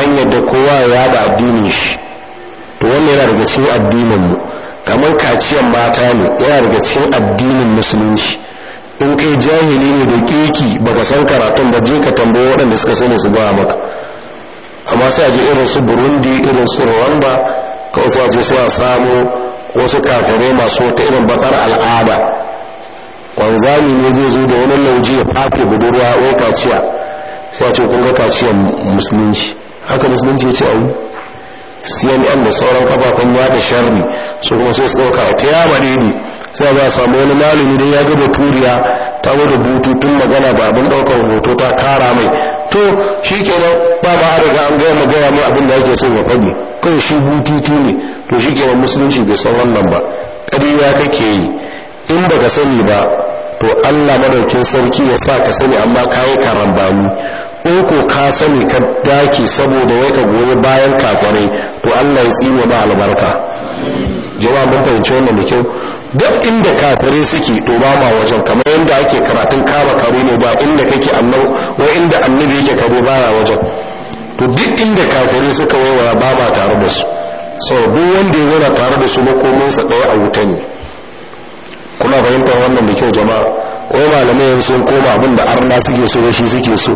an yadda kowa ya da addinin shi to wannan yana daga cikin addinin mu kamar kaciyan mata ne yana daga cikin addinin musulunci in kai jahili ne da kiki baka san karatun ba je ka tambayi waɗanda suka sani su ba maka amma sai a je irin su burundi irin su rwanda kawai sai a je sai a samu wasu kafirai masu wata irin bakar al'ada wanzami ne zai zo da wani lauji ya fafe budurwa wai kaciya sai ce kun ga kaciyar musulunci haka musulunci ya ce abu cnn da sauran kafafen da sharri su kuma sai su ɗauka ta yawa ne ne sai za a samu wani malami don ya gaba turiya ta wadda bututun magana ba abin ɗaukar hoto ta kara mai to shi kenan ba ma a riga an gaya magaya gaya min abin da ake so ga fage kai shi bututu ne to shi ke musulunci bai san wannan ba ƙarya kake yi in ka sani ba to allah madaukin sarki ya sa ka sani amma ka yi karambani ko ko ka sani ka dake saboda wai ka goyi bayan kafirai to allah ya tsiwa ma albarka jama'a mun fahimci wannan da kyau duk inda kafirai suke to ba ma wajen kamar yadda ake karatun kama karo ne ba inda kake annabi wa inda annabi yake karo baya wajen to duk inda kafirai suka waiwaya ba ma tare da su sau duk wanda ya zana tare da su sa ɗaya a wuta ne kuna fahimtar wannan da kyau jama'a wai malamai yanzu sun koma abin da arna suke so da shi suke so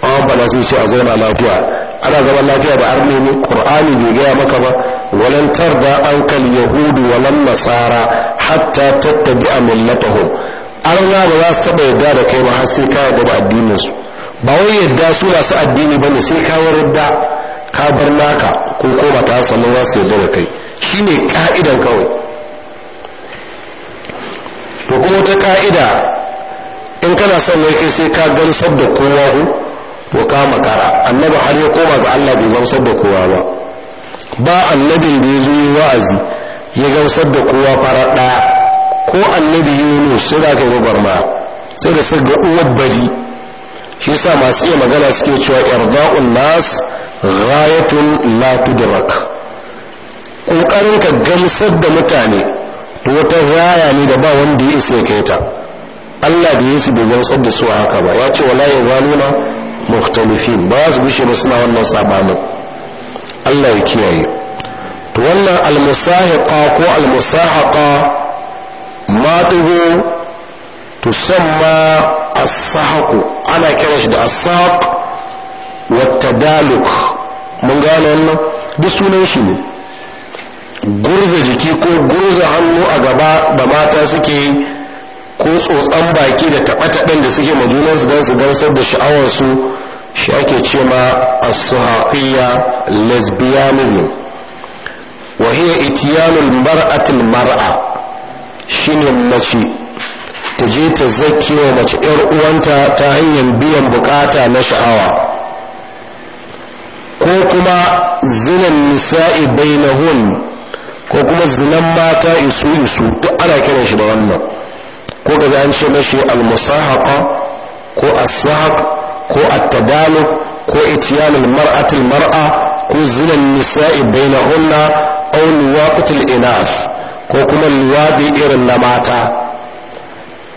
an bala sai ce a zauna lafiya ana zama lafiya da arne ne qur'ani bai gaya maka ba da an kan yahudu walan nasara hatta a millatahum arna ba za su taɓa yadda da kai ba har sai ka yarda da addinin su ba wai yadda su na su addini ba ne sai ka yarda ka bar naka ko ko ba ta samu za su yarda da kai shine ka'idan kawai to kuma wata ka'ida in kana son wai kai sai ka gamsar da kowa ku to ka makara annabi har ya koma ga Allah bai gamsar da kowa ba ba annabin da ya zo yi wa'azi ya gamsar da kowa fara ɗaya ko annabi yunus sai da kai rubar ma sai da sai ga uwar bari shi yasa masu iya magana suke cewa irda'un nas ghayatun la tudrak kokarin ka gamsar da mutane to wata raya ne da ba wanda ya isa kai ta Allah da yesu bai gamsar da su haka ba ya ce wala yazaluna mukhtalifin ba su gushe ba suna wannan sabanin Allah ya kiyaye to wannan almusahiqa ko almusahaqa ma tugo tusamma as-sahaqu ana kiran shi da as-sahaq wattadaluk mun gane wannan duk sunan shi ne gurza jiki ko gurza hannu a gaba da mata suke ko tsotsan baki da taɓa-taɓen da suke majunansu don su gansar da sha'awarsu shi ake ce ma asuhaƙiyya lesbianism wa hiya itiyanul mar'atul mar'a shine mace ta je ta zakiya mace 'yar uwanta ta hanyar biyan bukata na sha'awa ko kuma zinan nisa'i bainahun ko kuma zinan mata isu isu duk ana kiran shi da wannan ko ga an ce mashi al-musahaqa ko as-sahaq ko at-tadaluk ko al-mar'ati al mar'a ko zinan nisa'i bainahunna aw al inas ko kuma liwadi irin na mata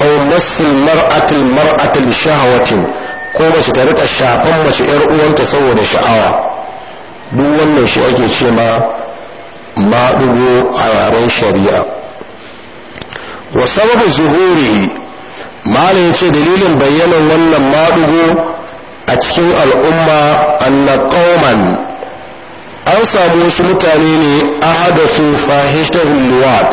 al-mar'ati al-mar'ati المرأة لشهوة ko mace ta rika shafan mace yar uwanta saboda sha'awa duk wannan shi ake ce ma maɗugo a yaren shari'a wa sababu zuhuri mala ya ce dalilin bayyanan wannan maɗugo a cikin al'umma anna an samu wasu mutane ne a hadasu fahishtahun luwad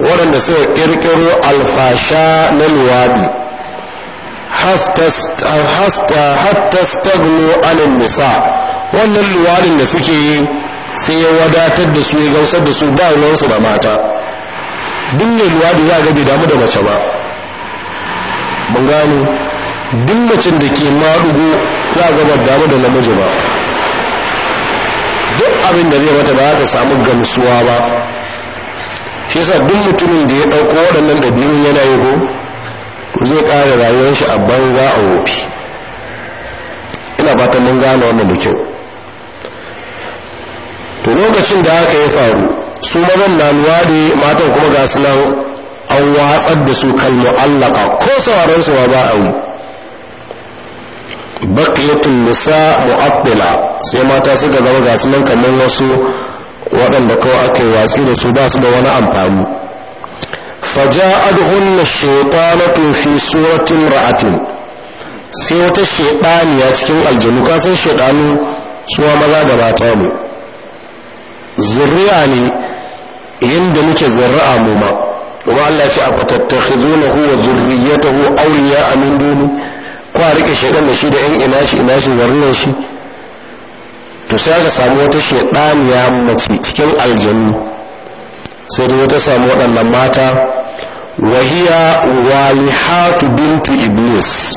waɗanda suka ƙirƙiro alfasha na luwadi hatta stagno anin nisa wannan luwarin da suke yi sai ya wadatar da su ya gausar da su ba ruwansu da mata duk mai za a gabi damu da mace ba mun gano duk da ke maɗugo za a gabar damu da namiji ba duk abin da zai mata ba za ta samu gamsuwa ba shi yasa duk mutumin da ya ɗauko waɗannan ɗabi'un yana yi ko zai ƙara rayuwar shi a banza a wofi ina ba ta mun gane wannan da kyau to lokacin da aka yi faru su mazan na nuwa luwaɗe matan kuma ga su an watsar da su kalmu allaka ko sauran su ba a yi baqiyatul nisa sai mata suka zama ga su kamar wasu waɗanda kawai aka yi watsi da su ba su da wani amfani Faja faja'adhunna shaytanatu fi suratin ra'atin sai wata shaytaniya cikin aljanu kasan shaytanu suwa maza da mata ne zuri'a ne yadda muke zuri'a mu ma kuma Allah ce a fatattakhizunahu huwa zurriyatahu awliya amin dunu ko a rike shedan da shi da yan ina shi ina shi shi to sai ka samu wata shedaniya mace cikin aljannu sai da wata samu waɗannan mata wahiya walihatu bintu iblis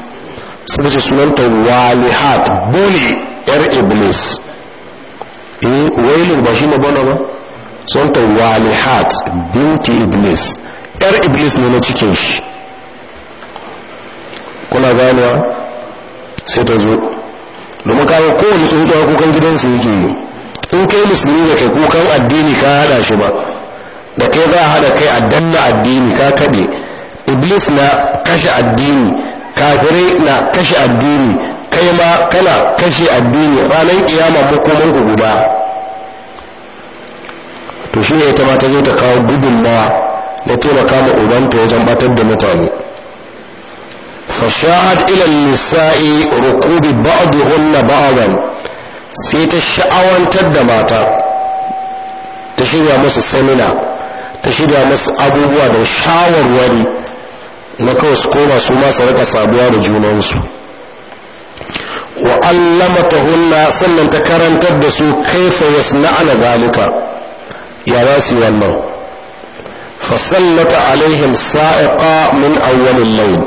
suka ce sunanta walihat buli yar iblis eh ba shi magana ba sun ta walihat binti iblis yar iblis ne na cikin shi kuna ganuwa. sai ta zo domin kawo kowane tsuntsuwa kukan gidansu yake yi in kai musulmi da kai kukan addini ka hada shi ba da kai za a hada kai a danna addini ka kaɗe iblis na kashe addini kafirai na kashe addini kai ma kana kashe addini ranar kiyama makoman ku guda to shi ne ita ma ta zo ta kawo gudunmawa na taimaka ma ubanta wajen batar da mutane fashahad ilan nisa'i rukubi ba'dihunna ba'dan sai ta sha'awantar da mata ta shirya musu semina ta shirya musu abubuwa da shawarwari na kawai su koma su masu rika sabuwa da junansu wa hunna sannan ta karantar da su kaifa yasna'ana zalika ya za su wannan fasallata alaihim sa'iqa min awwalil layl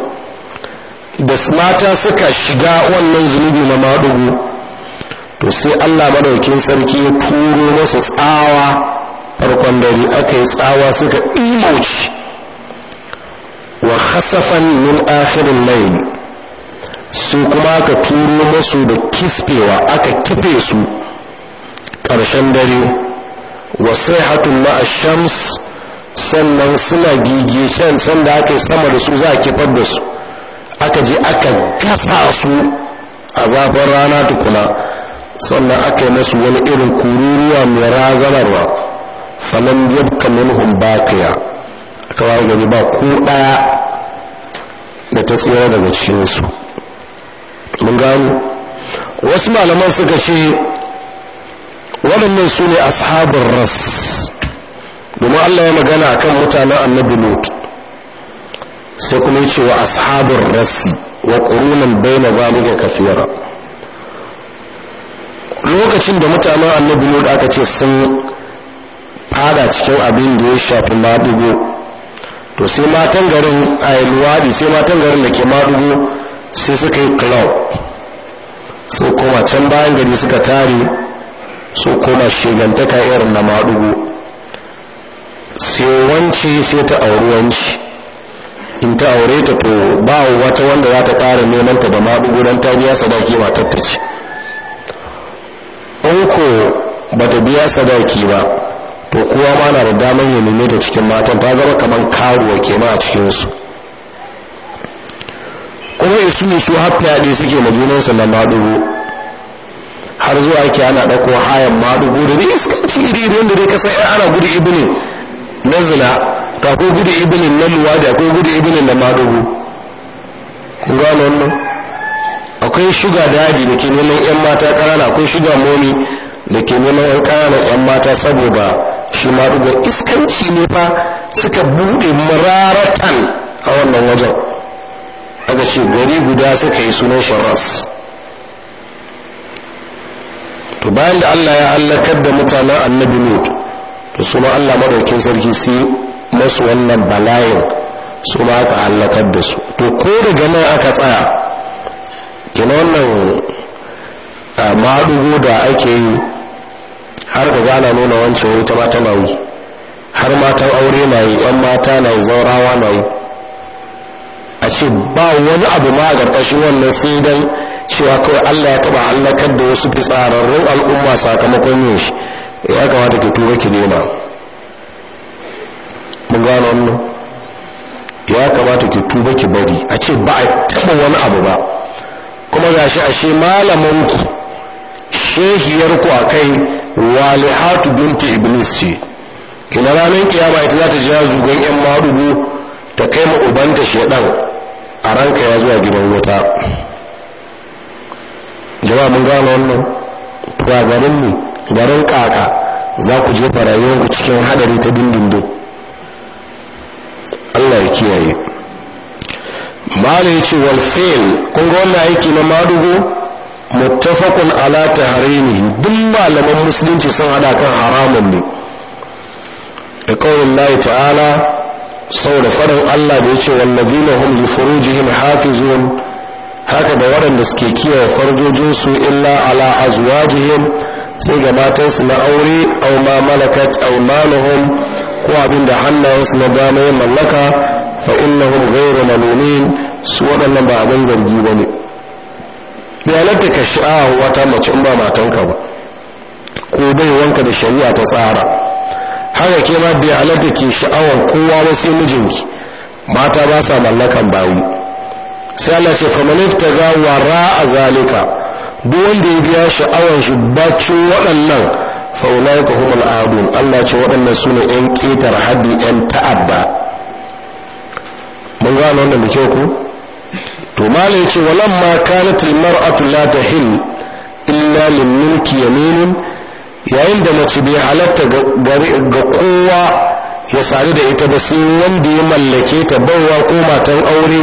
da mata suka shiga wannan zunubi na maɗugu to sai Allah madaukin sarki ya turo musu tsawa farkon dare aka yi tsawa suka imoci. wa khasafan min akhirin layl su kuma aka turo masu da kispewa aka kife su ƙarshen dare wasu hatun shams sannan suna gigishen sanda aka yi sama da su za a kifar da su aka je aka gasa su a zafin rana tukuna sannan aka yi masu wani irin kururuwa mai razanarwa falon yabka minhum bakiya aka kawai gani ba ko ɗaya da ta tsira daga cikinsu mun gano wasu malaman suka ce waɗannan su ne ashabin ras domin allah ya magana a kan mutanen annabi lot sai kuma ce wa ashabin rasi wa ƙurunan baina zalika kafira lokacin da mutanen annabi lot aka ce sun fada cikin abin da ya shafi maɗigo to sai matan garin a yi luwaɗi sai matan garin da ke maɗigo sai suka yi club su koma can bayan gari suka tare su koma shigantaka irin na maɗugo sai sai ta auruwanci in ta aure ta to ba wata wanda za ta ƙara neman ta da maɗugo don ta biya sadaki ba ta in ko ba ta biya sadaki ba to kowa ma na da damar ya da cikin matan ta zama kamar karuwa ma a cikinsu kuma isu su har fyaɗe suke ma junansu na maɗugo har zuwa ake ana ɗauko hayan maɗugo da dai iskanci iri iri da dai kasa ya ana gudu ibinin na zina ka ko gudu ibinin na luwadi akwai gudu ibinin na maɗugo ku gano wannan akwai shuga daji da ke neman yan mata ƙanana akwai shuga momi da ke neman yan ƙananan yan mata saboda shi maɗugo iskanci ne fa suka buɗe mararatan a wannan wajen aka ce gari guda suka yi sunan sharas to bayan da Allah ya halakar da mutanen annabi ne to suna Allah madaukin sarki sai masu wannan balayin su ma aka halakar da su to ko daga nan aka tsaya kina wannan maɗugo da ake yi har da gana nuna wancan wuta ma tana yi har matan aure na yi 'yan mata na yi zaurawa na yi a ba wani abu ma ga ƙashin wannan sai dan cewa kawai allah ya taɓa hallakar da wasu fitsararrun al'umma sakamakon yin shi eh, ya kamata ke tura ki nema mun gano wannan ya kamata ki tuba ki bari a ce ba a taba wani abu ba kuma gashi shi ashe malamanku ku a kai walihatu binta iblis ce kina ranar kiyama ita za ta ja zugon yan maɗubu ta kai ma ubanta shedan a ranka ya zuwa gidan wuta jama'a mun gano wannan tuwa garin ne garin kaka za ku jefa rayuwarku cikin hadari ta dindindin allah ya kiyaye mala ya ce walfail kun ga wannan aiki na madugo muttafaqun ala tahrimihi duk malaman musulunci sun hada kan haramun ne da kawai ta'ala sau da farin Allah da ya ce wallazina furu jihin hafi zuwan haka da waɗanda suke kiyaye farjojinsu illa ala jihin sai ga matansu na aure aw ma malakat hun ko abin da hannayensu na dama yin mallaka fa innahum na malumin su waɗannan ba abin zargi ba ne ka sha'a wata mace in ba matanka ba ko bai wanka da shari'a ta tsara haka ke ma bai halatta ke sha'awar kowa wasu mijinki mata ba sa mallakan bayi sai Allah ce fa ta ga wara a zalika duk wanda ya biya sha'awar shi bacin waɗannan fa ulaika humul adun Allah ce waɗannan su ne ƴan ƙetar haddi ƴan ta'adda mun gano wannan da kyau ku to malai ce walamma kanat mar'atu la tahil illa lil mulki yaminin yayin da mace bai halatta ga kowa ya sadu da ita ba sai wanda ya mallake ta baiwa ko matan aure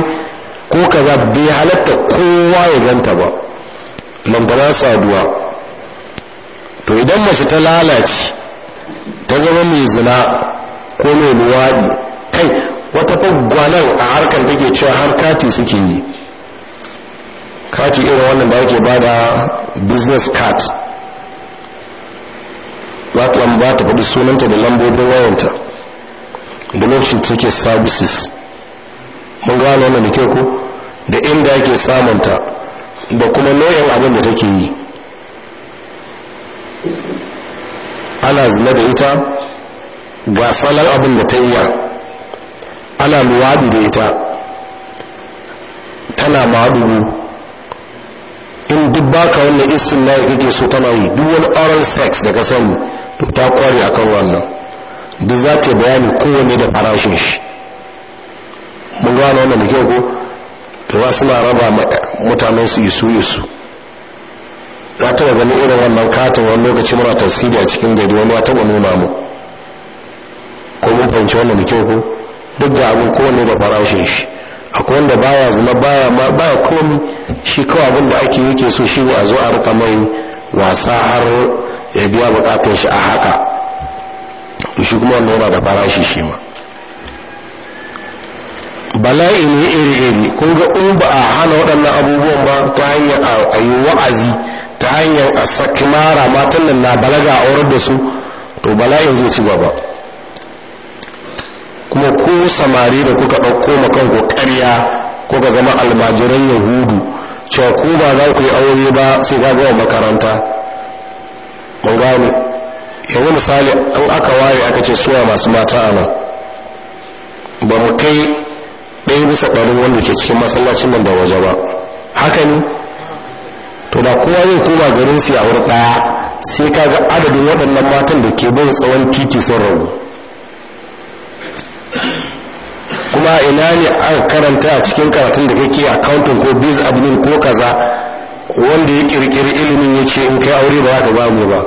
ko kaza bai halatta kowa ya ganta ba lambana saduwa to idan mace ta lalace ta zama mai zina ko mai luwaɗi kai wata faggwanar a harkar da ke cewa har kati suke yi kati irin wannan da ake bada business card za ta ba ta faɗi sunanta da lambobin wayanta da lokacin take services mun gano wannan da kyau ko da inda ake samunta da kuma nau'in abin da take yi ana zina da ita ga salar abin da ta yi ana luwaɗi da ita tana maɗugu in duk baka wannan isin na kake so tana yi duk wani oral sex da ka sani to ta kware akan wannan duk za ta bayani kowanne da farashin shi mun gano wannan da kyau ko da za suna raba mutanen su isu isu na taɓa ganin irin wannan katin wani lokaci muna tasiri a cikin gari wani wata wani mamu ko mun fahimci wannan da kyau ko duk da abin kowanne da farashin shi akwai wanda baya zama baya ma baya komi shi kawai abin da ake yake so shi a zo a rika mai wasa har ya biya bukatun shi a haka shi kuma nuna da farashi shi ma bala'i ne iri-iri kun ga in ba a hana waɗannan abubuwan ba ta hanyar a yi wa'azi ta hanyar a saki mara matan nan na balaga a wurin da su to bala'in zai ci gaba kuma ko samari da kuka ɗauko makanku ƙarya kuka zama almajiran yahudu cewa ku ba za ku yi aure ba sai ka gama makaranta mun gane yanzu misali an aka ware aka ce suwa masu mata a nan ba mu kai ɗaya bisa ɗarin wanda ke cikin masallacin nan da waje ba haka ne to da kowa zai koma garin su a wuri ɗaya sai ka ga adadin waɗannan matan da ke bin tsawon titi sun rabu kuma ina ne aka karanta a cikin karatun da kake accounting ko biz admin ko kaza wanda ya kirkiri ilimin ya ce in kai aure ba ka babu ba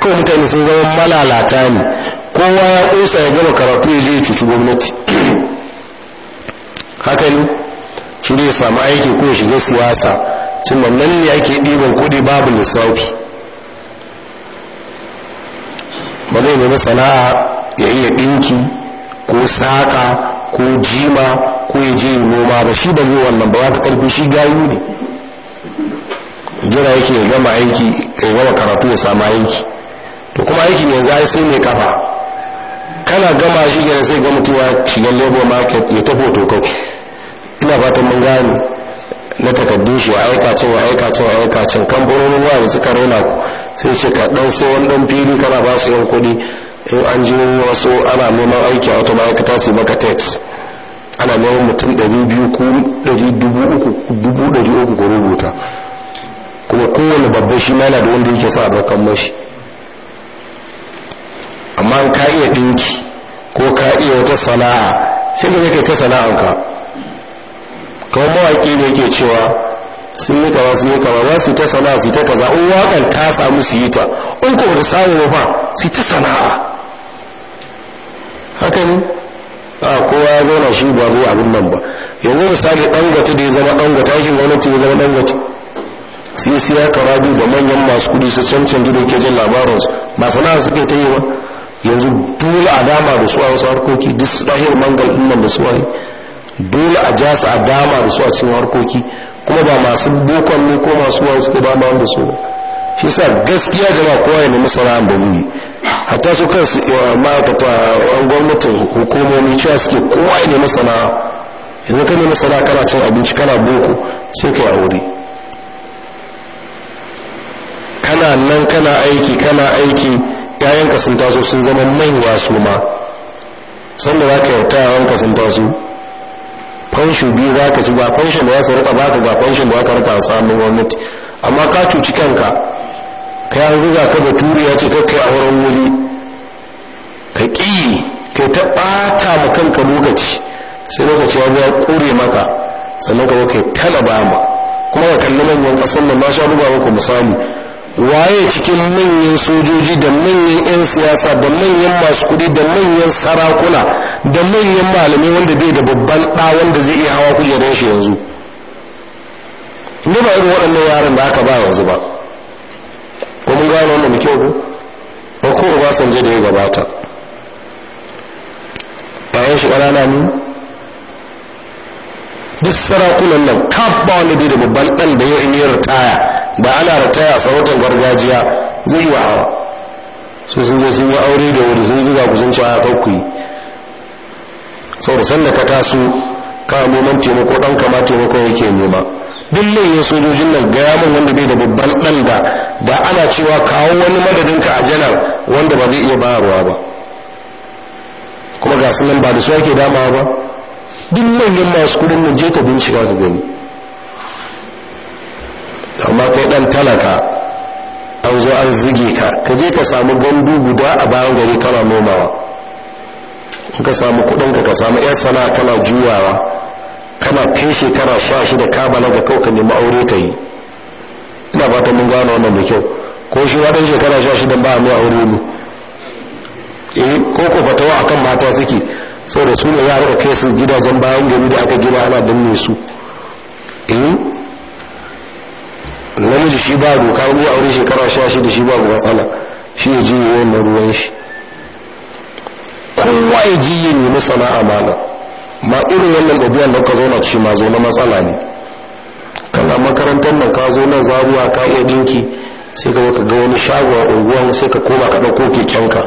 ko mutane sun zama malalata ne kowa ya kusa ya gama karatu ya je ya cuci gwamnati haka ne ne ya samu aiki ko shiga siyasa cin nan ne ake ɗiban kuɗi babu lissafi ba zai nemi sana'a ya iya ɗinki ko saƙa ko jima ko ya je noma ba shi da zai wannan ba ka karfi shi gayu ne jira yake ya gama aiki ya gama karatu ya samu aiki to kuma aikin yanzu ai sai mai kafa kana gama shi gina sai ga mutuwa shiga labor market ya tafi tokau ina fatan mun gane na takaddu shi a aika cin a aika cin a aika cin kamfanonin ruwa da suka raina ku sai ce ka dan sai wannan fili kana ba su yan kuɗi in an ji wasu ana neman aiki a wata ma'aikata su maka teks. ana neman mutum 200 ko 300 ko rubuta kuma kowane babban shi mana da wanda yake sa a daukan mashi amma ka iya dinki ko ka iya wata sana'a sai da kake ta sana'anka kawai mawaƙi ne yake cewa sun yi kawa sun yi kawa za su ta sana'a su ta kaza in waƙar ta samu su yi ta in ko da samu ba su ta sana'a haka ne a kowa ya zauna shi ba zai abin nan ba yanzu misali dangote da ya zama dangote aikin gwamnati ya zama dangote sai sai ya karabi da manyan masu kudi su san canji da ke jin su ba sana'a suke ta yi ba yanzu dole a dama da su a wasu harkoki duk su ɗahir mangal nan da su a dole a ja su a dama da su a cikin harkoki kuma ba masu bokon ne ko masu wani suke dama da su ba shi sa gaskiya jama'a kowa ya nemi sana'a da wuri hatta su kansu ma'aikata a gwamnatin hukumomi cewa suke kowa ne masana yanzu ka yi masana kana cin abinci kana boko sai kai aure kana nan kana aiki kana aiki yayan sun taso sun zama manya su ma sanda za ka yarta yawan sun taso fanshin biyu za ka ci ba fanshin da ya su rika ka ba fanshin da ya karfa a samun gwamnati amma ka cuci kanka ka an zuga ka baturi ya ce ka a wurin wuri ka ƙi ka ta ɓata ma kanka lokaci sai lokaci ya zuwa ƙure maka sannan ka ka kai ba ma kuma ka kalli manyan ƙasar nan na sha buga muku misali waye cikin manyan sojoji da manyan 'yan siyasa da manyan masu kuɗi da manyan sarakuna da manyan malamai wanda bai da babban ɗa wanda zai iya hawa kujerar shi yanzu ne ba irin waɗannan yaran da aka ba yanzu ba ko mun gano wannan da kyau ko ko ba san je da ya gabata bayan shi ƙanana ne duk sarakunan nan kaf ba wani da babban ɗan da ya yi ritaya da ana ritaya a sarautar gargajiya zai yi wahala su sun je sun yi aure da wuri sun zuga ku sun ci a kanku yi saboda sanda ka taso ka noman taimako ɗan kama taimako yake nema duk manyan sojojin nan gaya min wanda bai da babban dan da da ana cewa kawo wani madadin ka a janar wanda ba zai iya bayarwa ba kuma ga nan ba da su ake damawa ba duk manyan masu kudin nan je ka bincika ka gani amma kai dan talaka an zo an zige ka ka je ka samu gandu guda a bayan gari kana nomawa ka samu kudin ka ka samu 'yan sana'a kana juyawa kana kai shekara sha shida ka balaga kawai ka nemi aure ka yi ina fata mun gano wannan da kyau ko shi ya shekara sha shida ba mai aure ne eh ko ko fatawa akan mata suke saboda su ne ya da kai su gidajen bayan gari da aka gina ana danne su eh namiji shi ba doka ruwa aure shekara sha shida shi ba matsala shi ya ji wannan ruwan shi kowa ya ji yin nemi sana'a malam ma irin wannan babuwan da ka zauna ci ma zo na matsala ne kana makarantar nan ka zo nan zaruwa ka iya dinki sai ka ka ga wani shago a unguwan sai ka koma ka ɗauko kekenka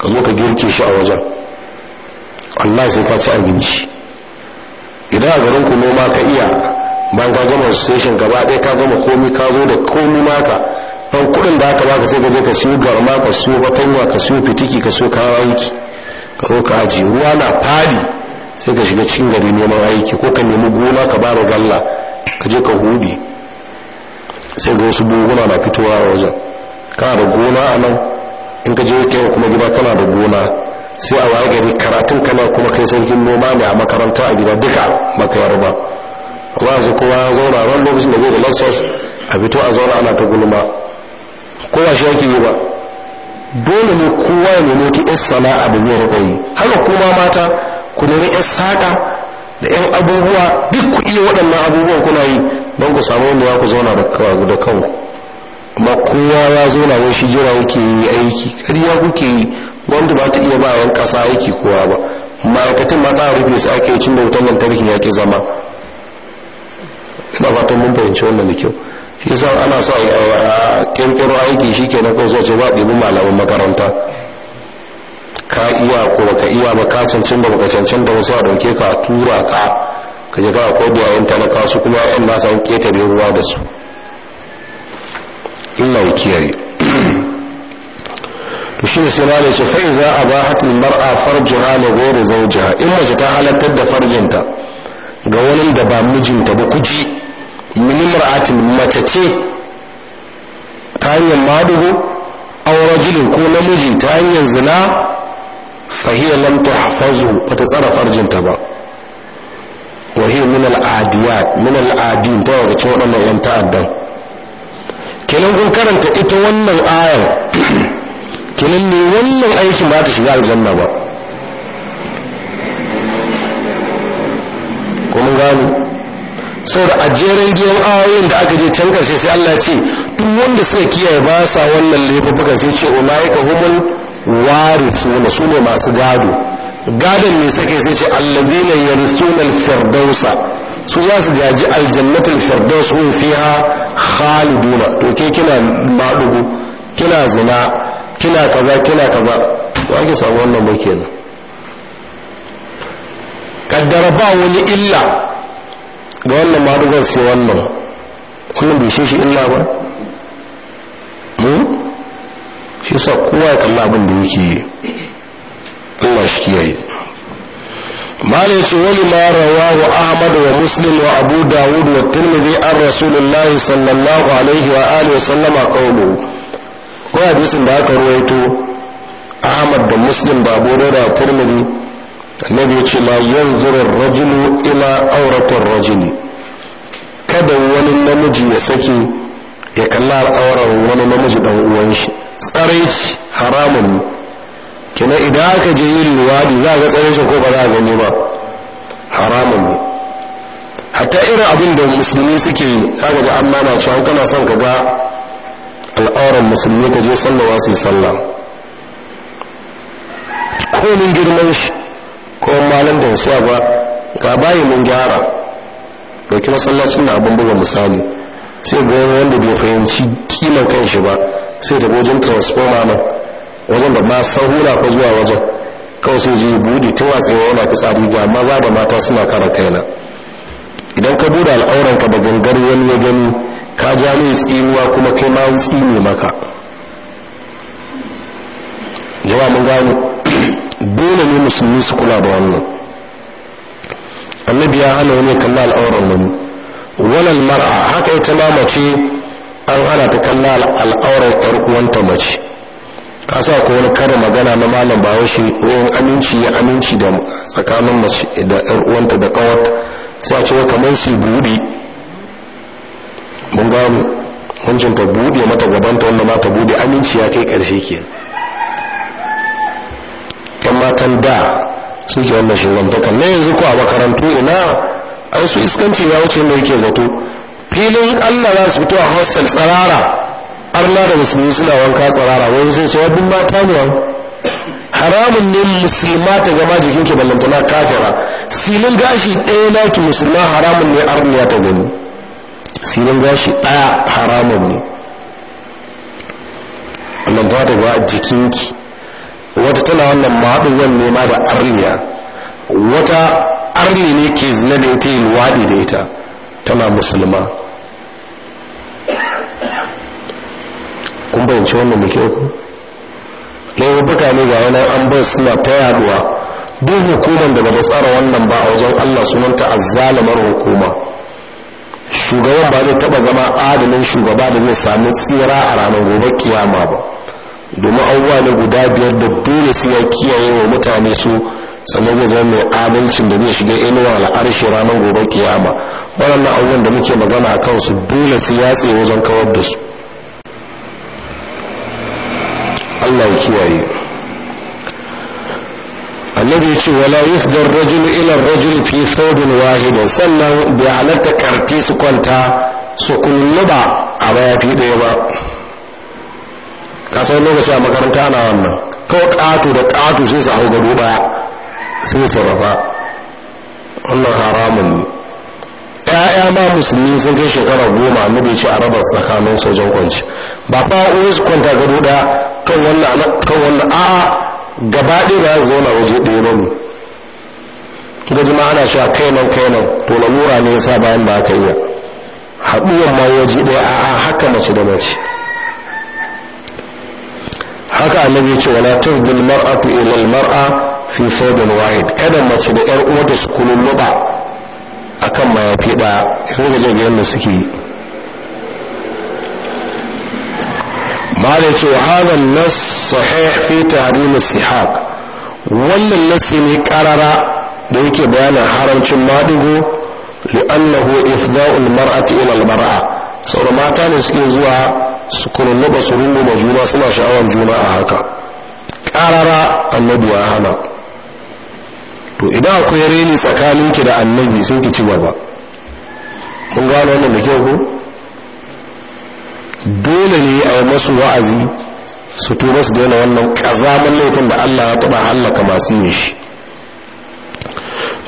ka zo ka girke shi a wajen Allah sai ka ci abinci idan a garin ku noma ka iya bayan ka gama station gaba ɗaya ka gama komi ka zo da komi maka ɗan kuɗin da aka baka sai ka je ka siyo garma ka siyo fatanya ka siyo fitiki ka siyo kayan aiki ka zo ka ajiye ruwa na fadi sai ka shiga cikin gari neman aiki ko ka nemi gona ka ba galla ka je ka hude sai ga wasu buguna na fitowa a wajen kana da gona a nan in ka je kewa kuma gida kana da gona sai a waye gari karatun kana kuma kai sarkin noma ne a makaranta a gida duka maka yar ba kuma yanzu kowa ya zauna ran lokacin da zai da lansos a fito a zauna ana ta gulma kowa shi yake yi ba dole ne kowa ya nemi yar sana'a da zai rika yi haka kuma mata ku nemi yan saƙa da yan abubuwa duk ku iya waɗannan abubuwan kuna yi don ku samu wanda ku zauna da kanku amma kowa ya na wai shi jira yake yi aiki ya kuke yi wanda ba ta iya ba yan ƙasa aiki kowa ba ma'aikatan ma ɗaya rufe su ake cin da wutan lantarki ya ke zama ina fatan mun fahimci wannan da kyau shi ana sa a ƙirƙiro aiki shi ke na kawai sai ba ɗebi malaman makaranta ka iya ko baka iya ba ka cancanta baka da wasu a dauke ka tura ka ka je ka ko da yin talaka su kuma yan nasa an ketare ruwa da su illa ya kiyaye to shi sai malai ce fa iza abahatil mar'a farjaha la ghayri zawjiha in mace ta halattar da farjinta ga wani da ba mijinta ba kuji min mar'atin mace ce ta hanyar madugo aw rajulin ko namiji ta hanyar zina fahiyar lam tahfazu bata tsara farjinta ba wa hiya min al-adiyat adin ta daga waɗannan yan ta'addan kenan kun karanta ita wannan ayar kenan ne wannan aikin ba ta shiga aljanna ba kuma gano saboda a jeran giyan ayoyin da aka je can karshe sai Allah ce duk wanda suka kiyaye ba sa wannan buga sai ce ulaika humul warithuna su ne masu gado gadon ne sake sai ce allazina yarisuna al-firdausa su za su gaji aljannatul firdaus hum fiha khaliduna to ke kina madugo kina zina kina kaza kina kaza ba ake samu wannan ba kenan kaddara ba wani illa ga wannan madugar sai wannan wannan bai shi illa ba mu shi sa kowa ya kalla abin da yake yi Allah shi kiyaye malai ce wani ma rawahu ahmad wa muslim wa abu dawud wa tirmidhi an rasulullah sallallahu alaihi wa alihi wa sallama qawlu ko hadisin da aka ruwaito ahmad da muslim da abu dawud da tirmidhi annabi ce la yanzuru ar-rajulu ila awrati ar-rajuli kada wani namiji ya saki ya kalla al'auran wani namiji dan uwan shi tsaraici haramun ne kina idan aka je yin luwadi za a ga shi ko ba za a gani ba haramun ne hatta irin abin da musulmi suke yi ta gaji an mana cewa kana son ka ga al'auran musulmi ka je sallawa su sallah komin girman shi ko malam da wasu ba ga bayi mun gyara kuma masallacin da abin buga misali sai ga wanda bai fahimci kiman shi ba sai ta gojin transformer nan wajen da ma sahura fa zuwa wajen kawai sai je buɗe ta watsewa yana fitsari ga maza da mata suna kara kaina idan ka buɗe al'auranka da gangar wani ya gani ka ja mai tsinuwa kuma kai ma ne maka yawa mun gano dole ne musulmi su kula da wannan annabi ya hana wani kalla al'auran wani walal mar'a haka ita ma mace an hana ta kalla al'aurar yar uwanta mace ka sa ko wani kada magana na malam ba wasu yin aminci ya aminci da tsakanin mace da yar uwanta da ƙawar sa ce kamar su buɗe mun gano wancan ta buɗe mata gabanta wanda ma ta buɗe aminci ya kai ƙarshe ke yan matan da suke wannan kan na yanzu ko a makarantu ina a wasu iskanci ya wuce da yake zato filin allah za su fito a hostel tsarara arna da musulmi suna wanka tsarara wani sai su yabin mata ne haramun ne musulma ta gama jikin ke ballantana kafira silin gashi ɗaya ki musulma haramun ne arniya ta gani silin gashi ɗaya haramun ne wannan ta jikin ki wata tana wannan mahaɗin ne ma da arniya wata arni ne ke zina da ita yi luwaɗi da ita tana musulma kun bayanci wannan da kyau ku buka ne ga wani an bai suna ta yaduwa duk hukumar da ba tsara wannan ba a wajen allah sunanta zalimar hukuma shugaban ba zai taba zama adalin shugaba da zai sami tsira a ranar gobe kiyama ba domin abubuwa ne guda biyar da dole su ya kiyaye wa mutane su sannan zai zama mai adalcin da zai shiga inuwa al'arshi ranar gobe kiyama waɗannan abubuwan da muke magana a kansu dole su yatse wajen kawar da su allah ya kiyaye. annabi ya ce wala yufdar rajul ila rajul fi thawbin wahidin sannan bai halatta karti su kwanta su ba a fi ɗaya ba ka san lokaci a makaranta na wannan kawai katu da ƙatu sai su hau gado ɗaya sai sarrafa wannan haramun ne ‘ya'ya ma musulmi sun kai shekara goma a ce a raba tsakanin sojan kwanci ba fa wani su kwanta gado ɗaya kan wannan kan wannan a'a gaba ɗaya da zauna waje ɗaya ba mu ga ji ma ana sha kai nan kai nan to lalura ne yasa bayan ba aka iya haɗuwar ma waje ɗaya a'a haka mace da mace haka annabi ce wala turdul mar'atu ila al mar'a fi saudin wahid kada mace da yar uwata su kunun luba a kan mayafi ɗaya in ga jami'an da suke yi ce wa hadan na sahih fi tahrim sihaq wannan nasi ne ƙarara da yake bayanin haramcin madugo li'annahu ifda'ul mar'ati ila al-mar'a saboda mata ne suke zuwa su kullaba su rungu juna suna sha'awar juna a haka ƙarara annabi ya hana to idan akwai reni ki da annabi sun ki ci gaba kun gano wannan da kyau ko dole ne a yi masu wa'azi su tuba su daina wannan ƙazaman laifin da Allah ya taɓa hallaka masu yin shi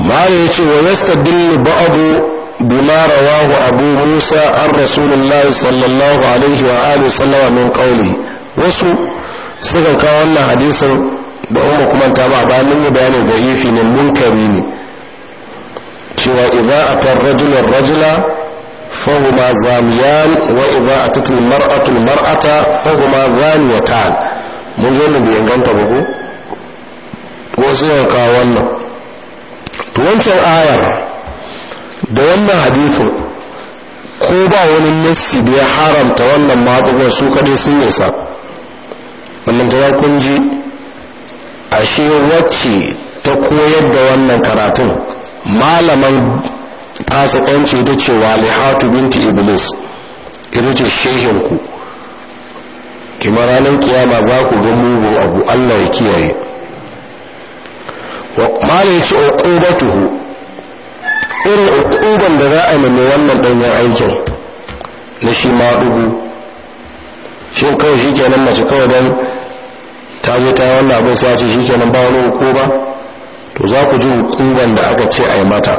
mara ya ce wa yasta dillu ba'abu بما رواه أبو موسى عن رسول الله صلى alaihi wa وآله وسلم wasu suka kawo wannan hadisin da umma kuma ta ba ba mun yi bayanin da yifi ne munkari ne cewa idza atar rajul rajula fahuma zaniyan wa idza atat al mar'atu al mar'ata fahuma zaniyatan mun zo mu bayan ganta ba ko ko sai ka wannan to wancan ayar da wannan hadisi ko ba wani nassi da ya haramta wannan maɗugar su kadai sun yi sa wannan ta kun ji ashe wacce ta koyar da wannan karatun malaman fasikanci ita ce walihatu binti iblis ita ce shehinku kima ranar kiyama za ku ga mugun abu allah ya kiyaye mala ya ce uqubatuhu irin uquban da za a yi mai wannan danyen aikin na shi ma dubu shi kawai shi kenan mace kawai don ta zai ta wannan abin sai ce shi kenan ba wani ba to za ku ji hukuman da aka ce a yi mata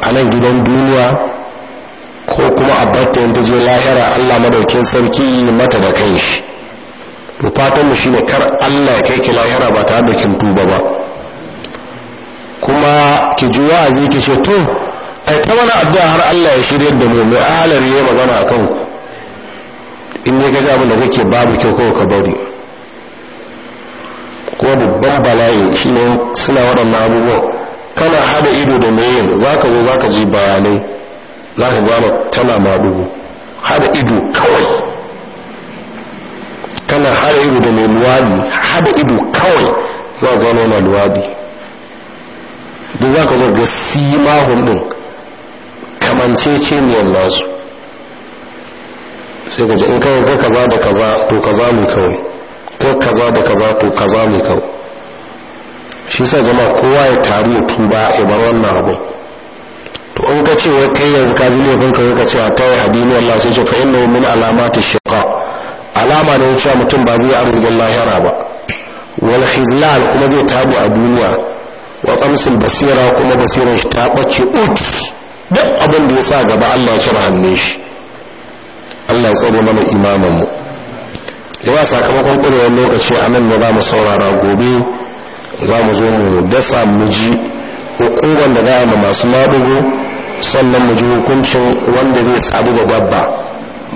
a nan gidan duniya ko kuma a batta ta je lahira allah madaukin sarki mata da kai shi to fatanmu shi ne kar allah ya kai ki lahira ba tare da kin tuba ba kuma ki ji wa'azi ki ce to ai ta wani addu'a har allah ya shirya da mu mai ahalar yi magana a kanku in ne ga abin da kake babu kyau kawai ka bari ko babban bala'i shi ne suna waɗannan abubuwan kana haɗa ido da mai za ka zo za ka ji bayanai za ka gwana tana maɗugu haɗa ido kawai kana haɗa ido da mai luwaɗi haɗa ido kawai za ka gano na luwaɗi duk za ka zo ga simahun ɗin kamancece ne nasu sai ku ji in kai ga kaza da kaza to kaza ne kawai ko kaza da kaza to kaza ne kawai shi sa jama'a kowa ya taru ya tuba ya bar wannan abu to in ka ce wai kai yanzu ka ji laifin ka ka ce a ta yi hadini Allah sai ce fa inna min alamati shiqa alama ne cewa mutum ba zai arzikin lahira ba wal khizlal kuma zai tabu a duniya wa qamsul basira kuma basiran shi ta bace ut duk abin da ya sa gaba Allah ya shirhanne shi Allah ya tsare mana imamanmu yawa sakamakon kurewar lokaci a nan ne za mu saurara gobe za mu zo mu dasa mu ji hukuban da za mu masu madugo sannan mu ji hukuncin wanda zai sabu da dabba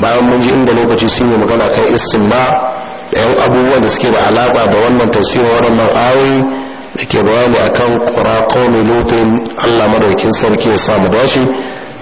bayan mun ji inda lokaci sun yi magana kan istimba da yan abubuwan da suke da alaƙa da wannan tausirin wannan ayoyi da ke bayani akan kura kawai lotin allah madaukin sarki ya samu dashi